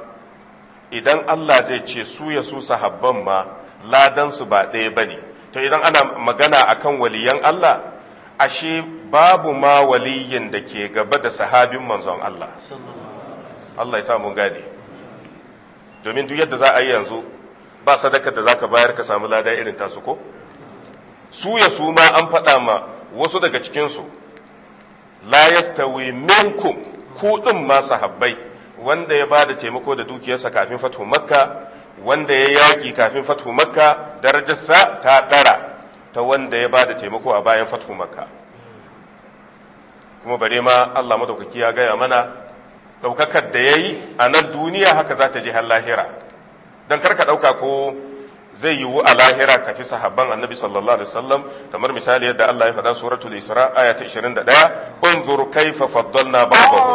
idan Allah zai ce su ya su sahabban ma ladan su ba ɗaya bane to idan ana magana akan waliyan Allah ashe babu ma waliyin da ke gaba da sahabin manzon Allah Allah ya sa mun gane domin duk yadda za a yi yanzu ba sadakar da za ka bayar ka samu lada irin tasu ko su ya su ma an faɗa ma wasu daga cikinsu la yastawi minkum ku ɗin ma sahabbai wanda ya ba da taimako da dukiyarsa kafin fatu makka wanda ya yaki kafin fatu makka darajarsa ta ɗara ta wanda ya ba da taimako a bayan fatu makka kuma bare ma allah madaukaki ya gaya mana ɗaukakar da ya yi a nan duniya haka za ta je har lahira don karka ɗauka ko zai yiwu a lahira ka fi sahabban annabi sallallahu alaihi wasallam kamar misali yadda Allah ya faɗa suratul isra aya ta 21 unzur kayfa faddalna ba'dahum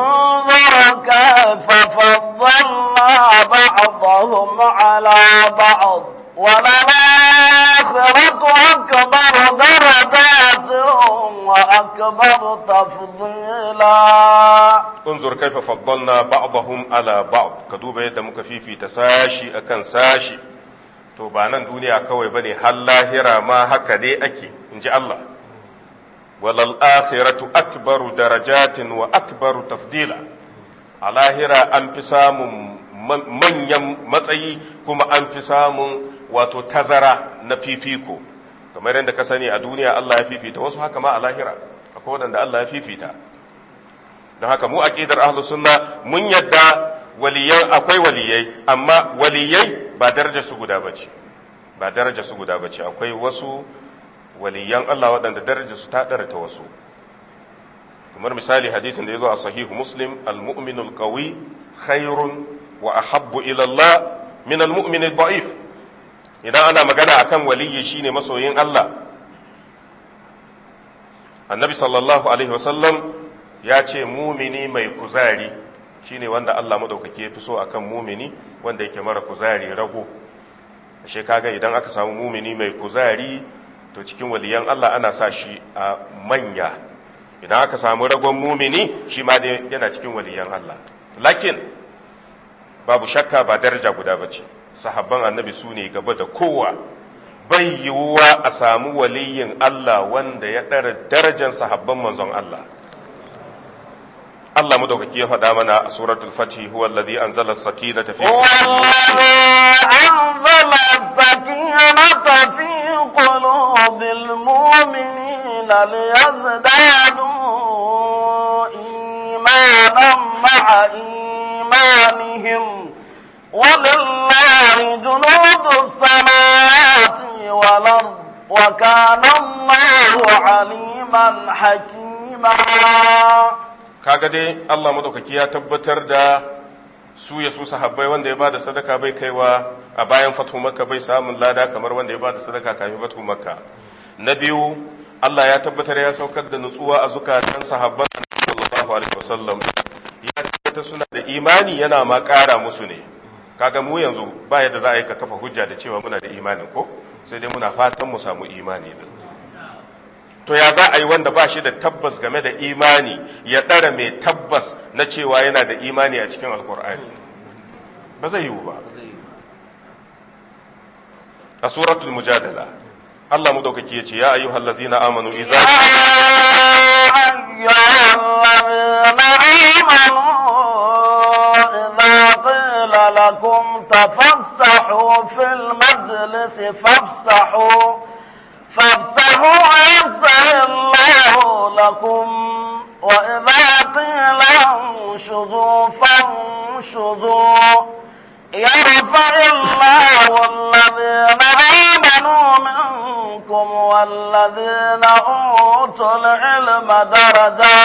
unzur kayfa faddalna ba'dahum ala ba'd وللآخرة أكبر درجات وأكبر تفضيلا انظر كيف فضلنا بعضهم على بعض كدوبة يدمك في في تساشي أكن ساشي to ba nan duniya kawai bane har lahira ma haka dai ake in ji Allah walal akhiratu akbaru darajatin wa akbaru tafdila a lahira an fi samun manyan matsayi kuma an fi samun wato tazara na fifiko kamar yadda ka sani a duniya Allah ya fifita wasu haka ma a lahira akwai waɗanda Allah ya fifita don haka mu aqidar ahlus sunna mun yadda waliyan akwai waliyai amma waliyai ba daraja su guda bace ba daraja su guda bace akwai wasu waliyan Allah waɗanda daraja su ta ɗara ta wasu kamar misali hadisin da ya zo a sahihu muslim al-mu'minul qawi khairun wa ahabbu ila Allah min al-mu'min al-da'if idan ana magana akan waliyi shine masoyin Allah annabi sallallahu alaihi wasallam ya ce mumini mai kuzari shine wanda Allah madaukake ya fi so akan mumini wanda yake mara kuzari rago ashe kaga idan aka samu mumini mai kuzari to cikin waliyan Allah ana sa shi a manya idan aka samu ragon mumini shi ma dai yana cikin waliyan Allah lakin babu shakka ba daraja guda bace sahabban annabi su ne gaba da kowa bai yiwuwa a samu waliyin Allah wanda ya ɗara darajar sahabban manzon Allah Allah madaukaki ya faɗa mana a suratul fatih huwa alladhi anzala as-sakinata fi anzala as-sakinata fi qulubil mu'minina liyazdadu imanan ma'a imanihim ولله جنود السماوات والأرض وكان الله عليما حكيما kaga dai Allah madaukaki ya tabbatar da su ya su sahabbai wanda ya ba da sadaka bai kaiwa a bayan fatu bai samun lada kamar wanda ya ba da sadaka kafin fatu na biyu Allah ya tabbatar ya saukar da nutsuwa a zukatan sahabban sallallahu alaihi wasallam ya tabbatar suna da imani yana ma ƙara musu ne kaga mu yanzu ba yadda za a yi ka kafa hujja da cewa muna da imani ko sai dai muna fatan mu samu imani din to ya za a yi wanda ba shi da tabbas game da imani ya ɗara mai tabbas na cewa yana da imani a cikin alkur'ani ba zai yiwu ba a suratul mujadala Allah mu daukaki ya ce ya ayyuhal ladzina amanu iza ya ayyuhal ladzina amanu أنكم تفصحوا في المجلس فافصحوا فافصحوا يفصح الله لكم وإذا قيل انشزوا فانشزوا يرفع الله الذين آمنوا منكم والذين أوتوا العلم درجات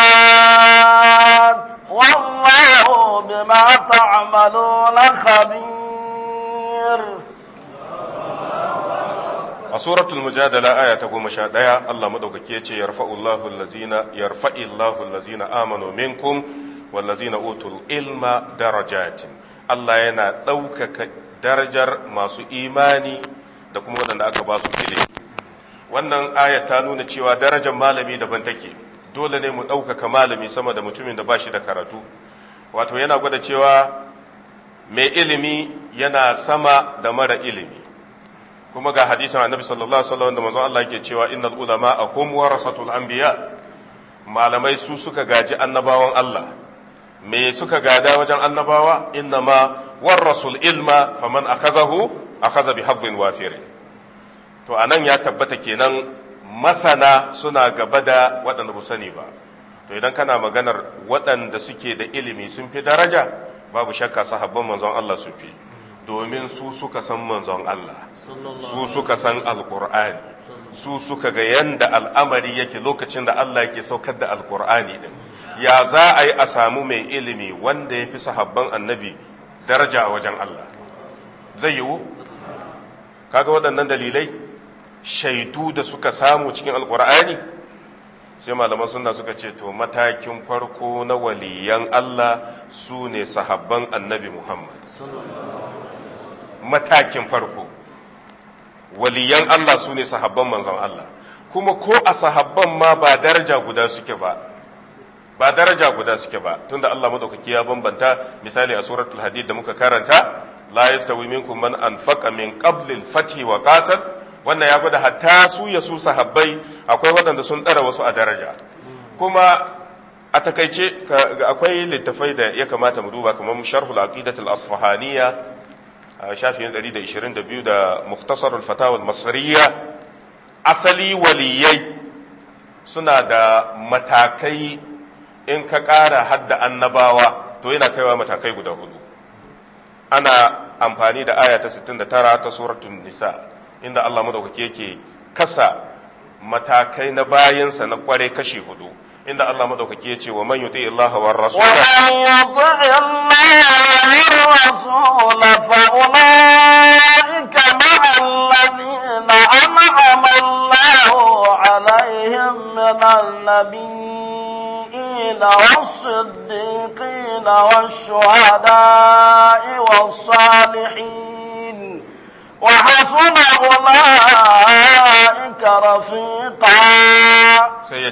والله بما تعملون خبير a suratul mujadala aya ta goma sha ɗaya Allah maɗaukaki ya ce yarfa'illahu allazina yarfa'illahu allazina amanu minkum wallazina utul ilma darajatin Allah yana ɗaukaka darajar masu imani da kuma waɗanda aka ba su ilimi wannan aya ta nuna cewa darajar malami daban take dole ne mu ɗaukaka malami sama da mutumin da ba shi da karatu wato yana gwada cewa mai ilimi yana sama da mara ilimi kuma ga hadisan annabi sallallahu alaihi wasallam da mazan Allah ke cewa inna al’ulama ulama kuma warasatul anbiya malamai su suka gaji annabawan Allah me suka gada wajen annabawa inna ma rasul ilma faman akhazahu akhaza bi hadhin wafir to anan ya tabbata kenan masana suna gaba da waɗanda ba sani ba to idan kana maganar waɗanda suke da ilimi sun fi daraja babu shakka sahabban manzon Allah su fi domin su suka san manzon Allah su suka san alqur'ani su suka ga yanda al'amari yake lokacin da Allah yake saukar da alqur'ani din ya za a yi a samu mai ilimi wanda ya fi sahabban annabi daraja a wajen Allah zai yiwu kaga waɗannan dalilai shaidu da suka samu cikin alkur'ani sai malaman suna suka ce to matakin farko na waliyan Allah su ne sahabban annabi Muhammad matakin farko waliyan Allah su ne sahabban manzon Allah kuma ko a sahabban ma ba daraja guda suke ba ba daraja guda suke ba tunda Allah madaukaki ya bambanta misali a suratul hadid da muka karanta la yastawi minkum man anfaqa min qabli al-fathi wa qatal wannan ya gwada hatta su ya su sahabbai akwai waɗanda sun ɗara wasu a daraja kuma a takaice akwai littafai da ya kamata mu duba kamar sharhul aqidatul asfahaniya shafin 122 da mukhtasarul fatawa al-masriya asali waliyai suna da matakai in ka ƙara hadda annabawa to yana kaiwa matakai guda hudu ana amfani da aya ta 69 ta suratun nisa inda Allah madaukaki yake kasa matakai na bayansa na kware kashi hudu inda Allah madaukaki ya ce wa man yuti Allah wa rasul wa man alaihim min an والصديقين والشهداء والصالحين وحسن أولئك رفيقا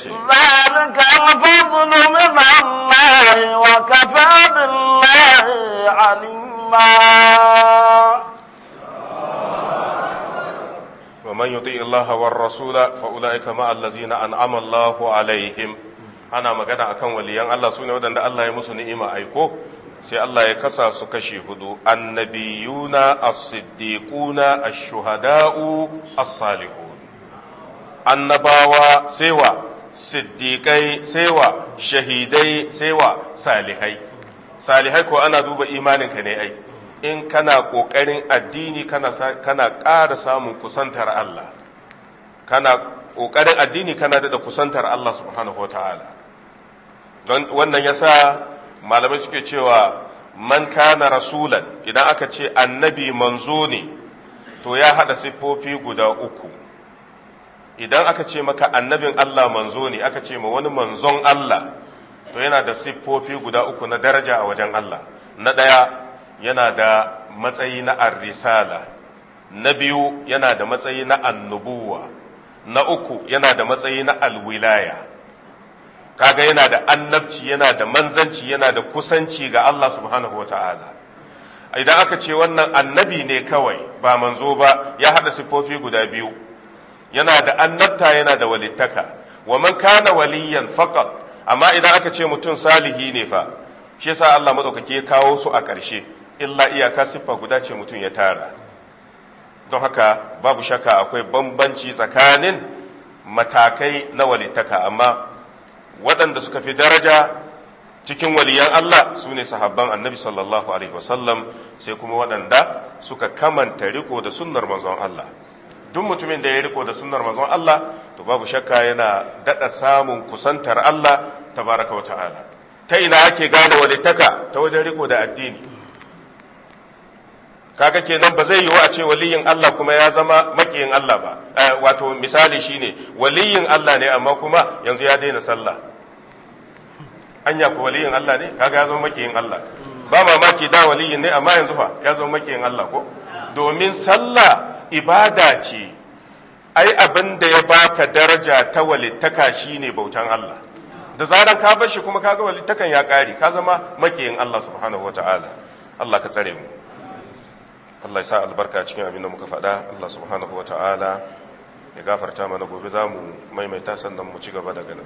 ذلك الفضل من الله وكفى بالله عليما ومن يطيع الله والرسول فأولئك مع الذين أنعم الله عليهم ana magana akan waliyan Allah sune waɗanda Allah ya musu ni'ima aiko sai Allah ya kasa su kashe hudu annabiyuna as-siddiquna ash-shuhada'u as-salihun annabawa saiwa siddiqai saiwa shahidai saiwa salihai salihai ko ana duba imaninka ne ai in kana kokarin addini kana kana ƙara samun kusantar Allah kana kokarin addini kana da kusantar Allah subhanahu wataala wannan yasa malamai suke cewa man kana rasulan idan aka ce annabi manzo ne to ya hada siffofi guda uku idan aka ce maka annabin Allah manzo ne aka ce ma wani manzon Allah to yana da siffofi guda uku na daraja a wajen Allah na ɗaya yana da matsayi na arrisala na biyu yana da matsayi na annubuwa na uku yana da matsayi na alwilaya kaga yana da annabci yana da manzanci yana da kusanci ga Allah subhanahu wa ta'ala idan aka ce wannan annabi ne kawai ba manzo ba ya haɗa siffofi guda biyu yana da annabta yana da walittaka wa man kana waliyan faqat amma idan aka ce mutum salihi ne fa shi yasa Allah madaukake ya kawo su a ƙarshe illa iyaka siffa guda ce mutum ya tara don haka babu shakka akwai bambanci tsakanin matakai na walittaka amma waɗanda suka fi daraja cikin waliyan Allah su ne sahabban annabi sallallahu alaihi wasallam sai kuma waɗanda suka kamanta riko da sunnar manzon Allah duk mutumin da ya riko da sunnar manzon Allah to babu shakka yana daɗa samun kusantar Allah tabaraka wa ta'ala ta ina ake gane walitaka ta wajen riko da addini kaga kenan ba zai yiwu a ce waliyin Allah kuma ya zama makiyin Allah ba eh, wato misali shine waliyin Allah ne amma kuma yanzu ya daina sallah anya ku waliyin Allah ne kaga ya zama makiyin Allah ba mamaki da waliyin ne amma yanzu fa ya zama makiyin Allah ko domin sallah ibada ce ai abinda ya baka daraja ta walittaka shine bautan Allah da zaran ka bar shi kuma kaga walittakan ya kare ka zama makiyin Allah subhanahu wataala Allah ka tsare mu Allah ya sa albarka cikin abin da muka faɗa Allah subhanahu wataala ya gafarta mana gobe za mu maimaita sannan mu ci gaba daga nan